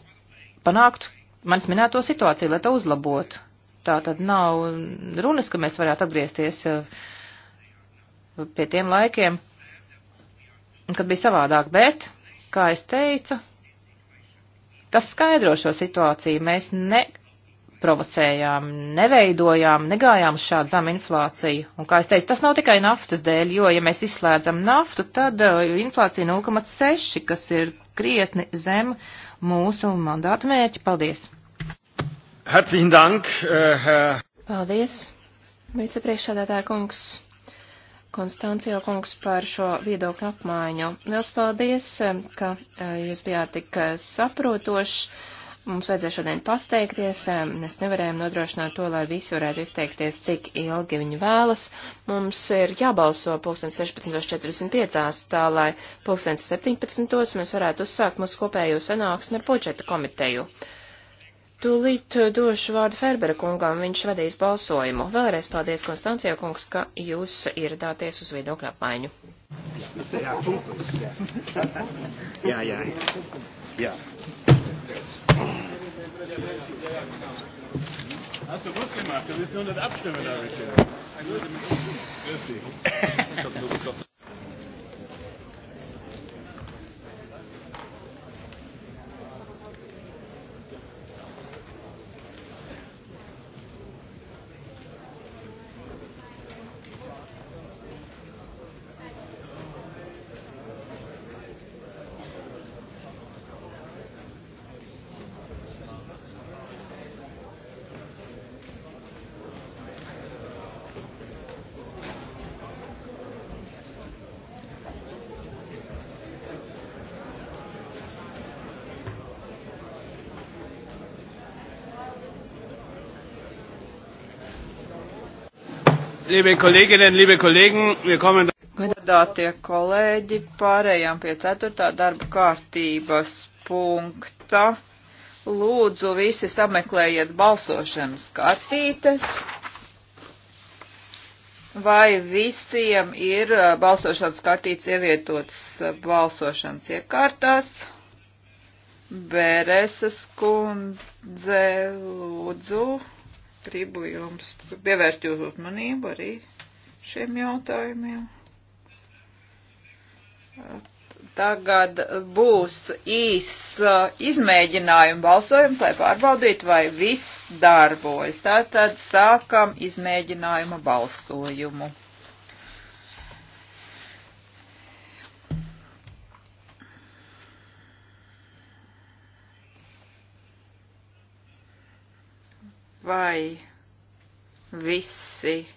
panāktu manis minēto situāciju, lai to uzlabotu tā tad nav runas, ka mēs varētu atgriezties eh, pie tiem laikiem, kad bija savādāk, bet, kā es teicu, tas skaidro šo situāciju. Mēs neprovocējām, neveidojām, negājām uz šādu zemu inflāciju. Un, kā es teicu, tas nav tikai naftas dēļ, jo, ja mēs izslēdzam naftu, tad eh, inflācija 0,6, kas ir krietni zem mūsu mandātu mērķi. Paldies! Herzlichen Dank, äh, Herr. Paldies, vicepriekšsēdētāja kungs. Konstancijo kungs par šo viedokļu apmaiņu. Liels paldies, ka e, jūs bijāt tik e, saprotoši. Mums vajadzēja šodien pasteikties. Mēs nevarējām nodrošināt to, lai visi varētu izteikties, cik ilgi viņi vēlas. Mums ir jābalso 16.45, tā lai 17.00 mēs varētu uzsākt mūsu kopējo sanāksmi ar budžeta komiteju. Tūlīt uh, došu vārdu Ferbera kungam, viņš vadīs balsojumu. Vēlreiz paldies, Konstancija kungs, ka jūs ieradāties uz viedokļu apmaiņu. Jā, jā, jā. Hast du gut gemacht, du bist nur das Abstimmen da richtig. Grüß dich. Liebe Kolleginnen, liebe Kollegen, wir kommen. Godātie kolēģi, pārējām pie ceturtā darba kārtības punkta. Lūdzu, visi sameklējiet balsošanas kartītes. Vai visiem ir uh, balsošanas kartītes ievietotas uh, balsošanas iekārtās? Bēreses kundze, lūdzu gribu jums pievērst jūsu uzmanību arī šiem jautājumiem. Tagad būs īs izmēģinājuma balsojums, lai pārbaudītu, vai viss darbojas. Tātad sākam izmēģinājuma balsojumu. vai visi,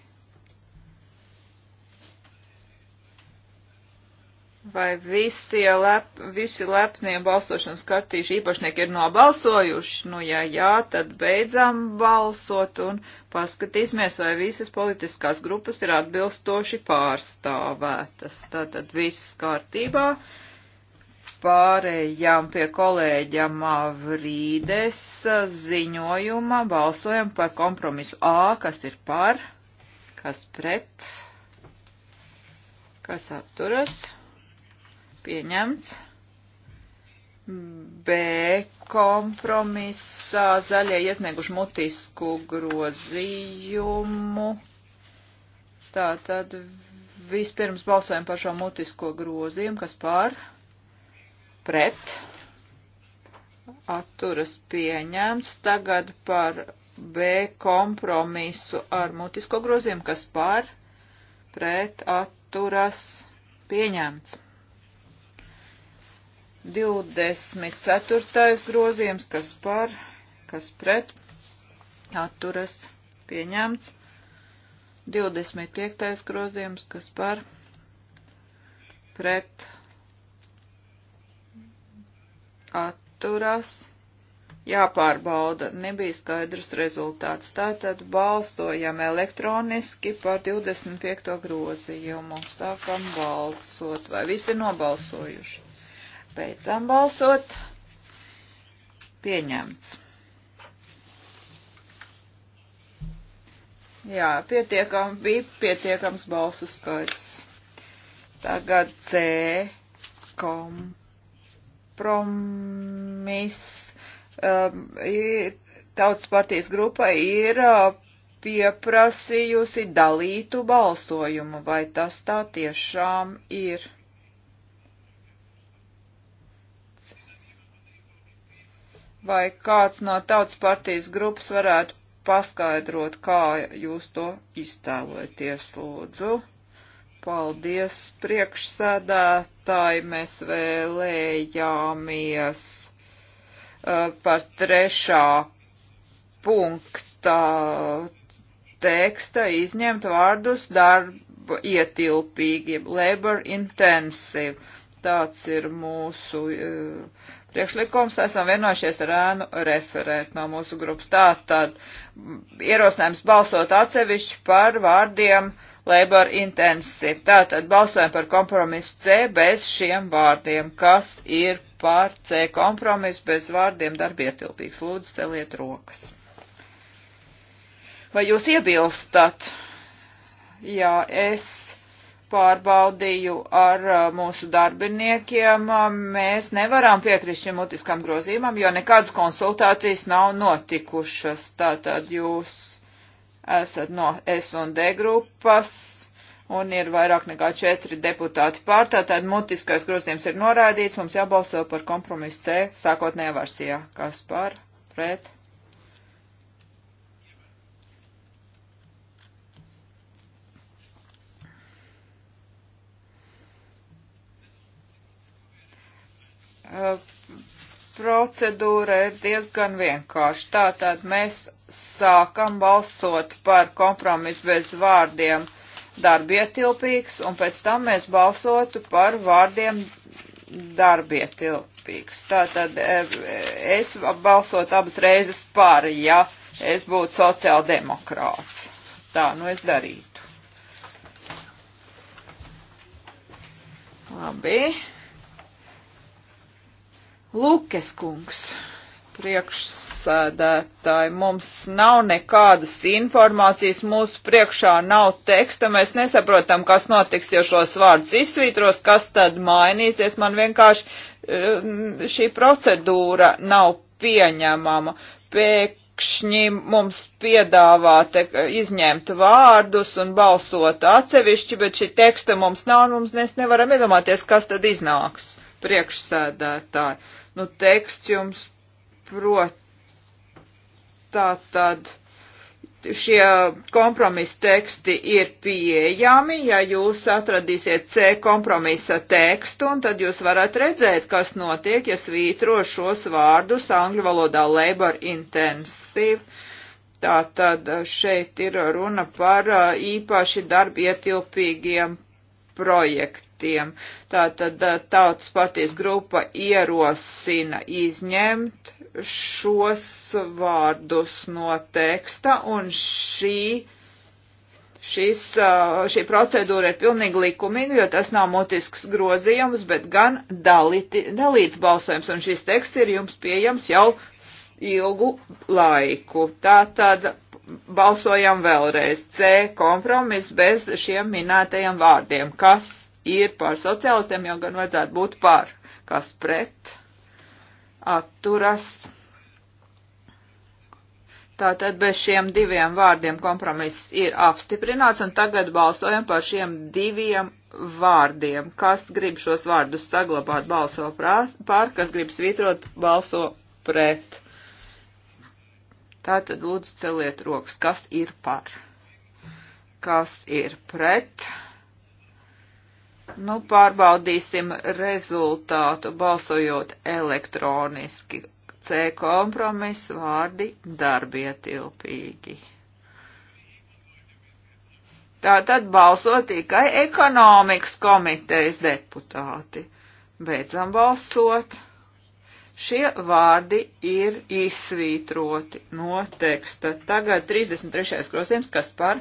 vai visi, lep, visi lepnie balsošanas kartīšu īpašnieki ir nobalsojuši? Nu, ja jā, tad beidzam balsot un paskatīsimies, vai visas politiskās grupas ir atbilstoši pārstāvētas. Tātad viss kārtībā. Uh, pārējām pie kolēģa Mavrīdes ziņojuma. Balsojam par kompromisu A, kas ir par, kas pret, kas atturas, pieņemts. B kompromisā zaļie iesnieguši mutisku grozījumu. Tātad vispirms balsojam par šo mutisko grozījumu, kas pār pret atturas pieņemts. Tagad par B kompromisu ar mutisko grozījumu, kas par pret atturas pieņemts. 24. grozījums, kas par, kas pret atturas pieņemts. 25. grozījums, kas par pret atturās, jāpārbauda, nebija skaidrs rezultāts. Tātad balsojam elektroniski par 25. grozījumu. Sākam balsot, vai visi nobalsojuši. Beidzam balsot. Pieņemts. Jā, pietiekam, bija pietiekams balsu skaits. Tagad C komp kompromiss um, tautas partijas grupa ir uh, pieprasījusi dalītu balsojumu, vai tas tā tiešām ir. Vai kāds no tautas partijas grupas varētu paskaidrot, kā jūs to iztēlojaties, lūdzu? Paldies, priekšsēdēt nostāju mēs vēlējāmies uh, par trešā punkta teksta izņemt vārdus darba ietilpīgi, labor intensive. Tāds ir mūsu uh, priekšlikums. Esam vienojušies ar ēnu referēt no mūsu grupas. Tā tad mm, ierosinājums balsot atsevišķi par vārdiem uh, labor intensive. Tātad balsojam par kompromisu C bez šiem vārdiem. Kas ir par C kompromisu bez vārdiem darbietilpīgs? Lūdzu, celiet rokas. Vai jūs iebilstat? Jā, es pārbaudīju ar uh, mūsu darbiniekiem, um, mēs nevaram piekrist šim mutiskam grozījumam, jo nekādas konsultācijas nav notikušas. Tātad jūs esat no S&D grupas un ir vairāk nekā četri deputāti pārtā, tad mutiskais grozījums ir noraidīts, mums jābalso par kompromisu C sākotnējā versijā. Kas par? Pret? Uh, procedūra ir diezgan vienkārša. Tātad mēs sākam balsot par kompromisu bez vārdiem darbietilpīgs, un pēc tam mēs balsotu par vārdiem darbietilpīgs. Tātad e, e, es balsot abas reizes par, ja es būtu sociāldemokrāts. Tā, nu es darītu. Labi. Lukes kungs priekšsēdētāji, mums nav nekādas informācijas, mūsu priekšā nav teksta, mēs nesaprotam, kas notiks, ja šos vārdus izsvītros, kas tad mainīsies. Man vienkārši eh, šī procedūra nav pieņemama. Pēkšņi mums piedāvā te, eh, izņemt vārdus un balsot atsevišķi, bet šī teksta mums nav, un mums mēs nevaram iedomāties, kas tad iznāks priekšsēdētāji Nu, teksts jums prot tā tad šie kompromisa teksti ir pieejami, ja jūs atradīsiet C kompromisa tekstu, un tad jūs varat redzēt, kas notiek, ja svītro šos vārdus angļu valodā labor intensive. Tā tad šeit ir runa par īpaši darba ietilpīgiem projektiem. Tātad eh, tautas partijas grupa ierosina izņemt šos vārdus no teksta un šī. Šis, eh, šī procedūra ir pilnīgi likumīga, jo tas nav motisks grozījums, bet gan daliti, dalīts balsojums, un šis teksts ir jums pieejams jau ilgu laiku. Tātad balsojam vēlreiz. C kompromis bez šiem minētajiem vārdiem. Kas ir par sociālistiem, jau gan vajadzētu būt par. Kas pret? Atturas. Tātad bez šiem diviem vārdiem kompromiss ir apstiprināts, un tagad balsojam par šiem diviem vārdiem. Kas grib šos vārdus saglabāt, balso par, kas grib svītrot, balso pret Tātad lūdzu celiet rokas, kas ir par, kas ir pret. Nu, pārbaudīsim rezultātu balsojot elektroniski. C kompromiss vārdi darbietilpīgi. Tātad balso tikai ekonomikas komitejas deputāti. Beidzam balsot. Šie vārdi ir izsvītroti no teksta. Tagad 33. grozījums, kas par,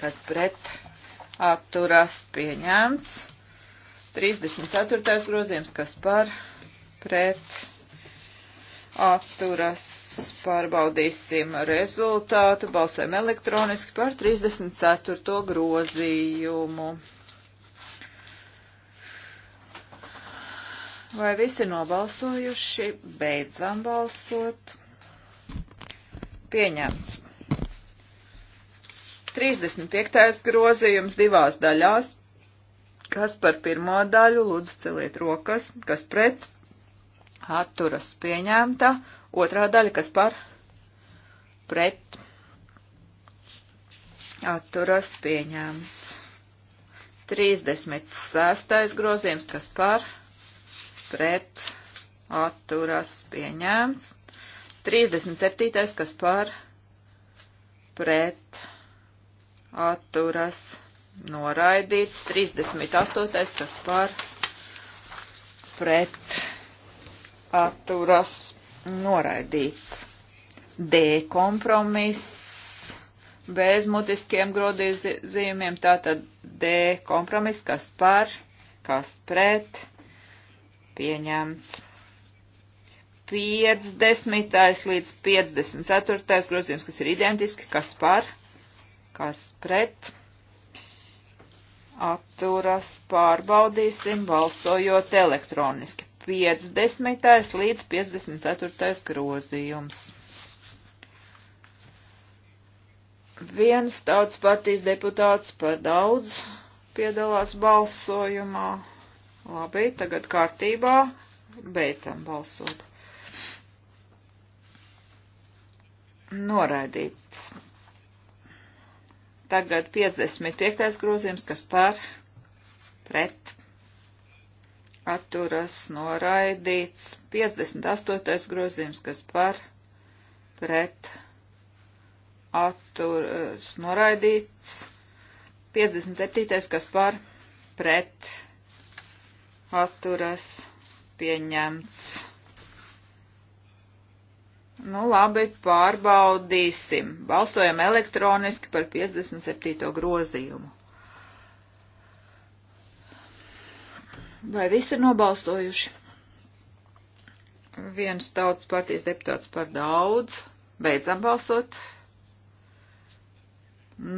kas pret atturas pieņemts. 34. grozījums, kas par, pret atturas pārbaudīsim rezultātu. Balsēm elektroniski par 34. grozījumu. Vai visi nobalsojuši? Beidzam balsot. Pieņemts. 35. grozījums divās daļās. Kas par pirmo daļu? Lūdzu, celiet rokas. Kas pret? Atturas pieņemta. Otrā daļa, kas par? Pret. Atturas pieņemts. 36. grozījums, kas par? Pret pret atturas pieņēmts. 37. kas par pret atturas noraidīts. 38. kas par pret atturas noraidīts. D kompromiss bez mutiskiem grozījumiem, tātad D kompromiss, kas par, kas pret pieņemts. 50. līdz 54. grozījums, kas ir identiski, kas par, kas pret. Atturas pārbaudīsim balsojot elektroniski. 50. līdz 54. grozījums. Viens tautas partijas deputāts par daudz piedalās balsojumā. Labi, tagad kārtībā beidzam balsot. Noraidīts. Tagad 55. grozījums, kas par pret atturas noraidīts. 58. grozījums, kas par pret atturas noraidīts. 57. kas par pret atturas noraidīts atturas pieņemts. Nu labi, pārbaudīsim. Balsojam elektroniski par 57. grozījumu. Vai visi ir nobalstojuši? Viens tautas partijas deputāts par daudz. Beidzam balsot.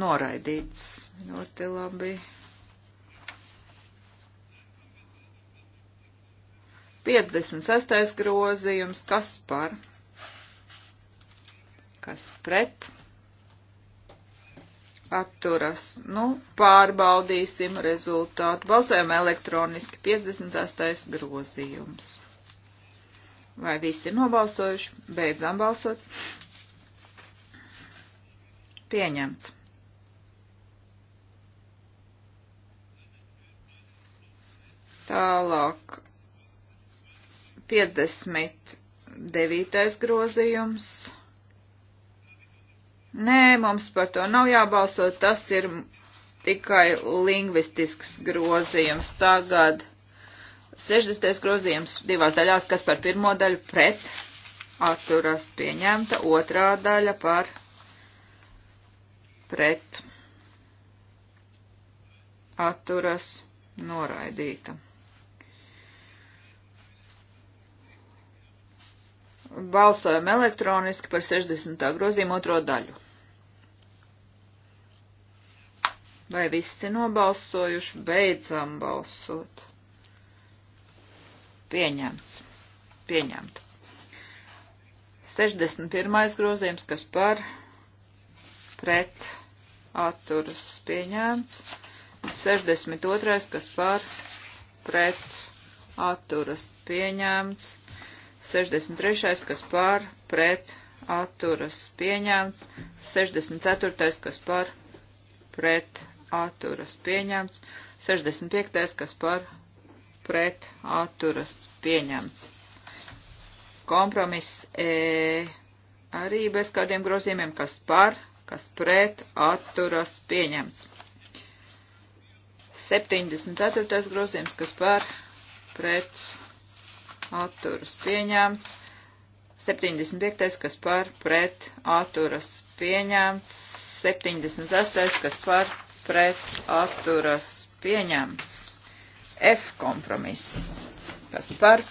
Noraidīts. Ļoti labi. 56. grozījums, kas par, kas pret, atturas. Nu, pārbaudīsim rezultātu. Balsojam elektroniski 56. grozījums. Vai visi ir nobalsojuši? Beidzam balsot. Pieņemts. Tālāk 59. grozījums. Nē, mums par to nav jābalso, tas ir tikai lingvistisks grozījums. Tagad 60. grozījums divās daļās, kas par pirmo daļu pret atturas pieņemta, otrā daļa par pret atturas noraidīta. Balsojam elektroniski par 60. grozījumu otro daļu. Vai visi nobalsojuši? Beidzam balsot. Pieņemts. Pieņemt. 61. grozījums, kas par pret atturas pieņemts. 62. kas par pret atturas pieņemts. 63. kas pār pret atturas pieņemts, 64. kas par pret atturas pieņemts, 65. kas par pret atturas pieņemts. Kompromiss e, arī bez kādiem grozījumiem, kas par, kas pret atturas pieņemts. 74. grozījums, kas par pret atturas pieņemts. 75. kas par pret atturas pieņemts. 76. kas par pret atturas pieņemts. F kompromiss. Kas par,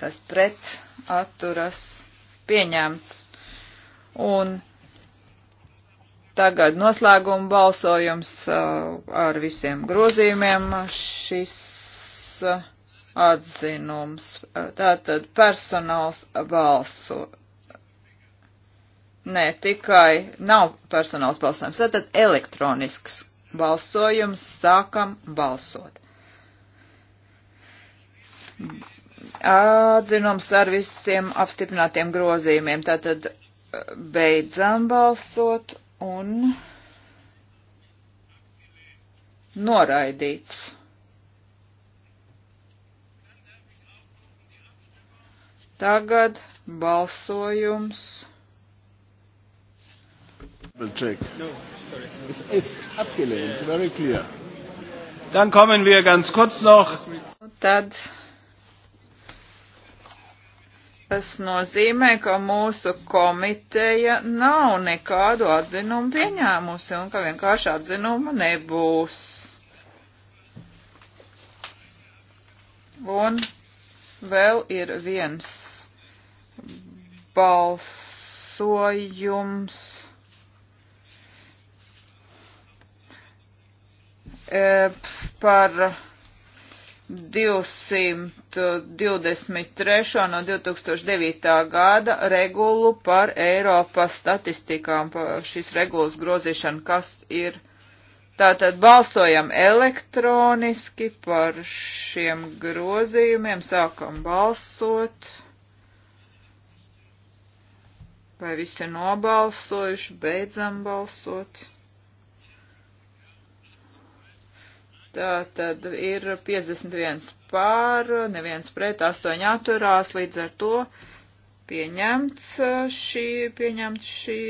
kas pret atturas pieņemts. Un Tagad noslēguma balsojums uh, ar visiem grozījumiem. Šis uh, atzinums. Tātad personāls balso. Nē, tikai nav personāls balsojums. Tātad elektronisks balsojums. Sākam balsot. Atzinums ar visiem apstiprinātiem grozījumiem. Tātad beidzam balsot un noraidīts. Tagad balsojums. Check. No, sorry. It's, it's abgelehnt, very clear. Dann kommen wir ganz kurz noch. Tad tas nozīmē, ka mūsu komiteja nav nekādu atzinumu pieņēmusi un ka vienkārši atzinuma nebūs. Un Vēl ir viens balsojums. E, par 223. no 2009. gada regulu par Eiropas statistikām, par šīs regulas grozīšanu, kas ir Tātad balsojam elektroniski par šiem grozījumiem, sākam balsot. Vai visi nobalsojuši, beidzam balsot? Tā tad ir 51 pār, neviens pret, 8 atturās, līdz ar to pieņemts šī, pieņemts šī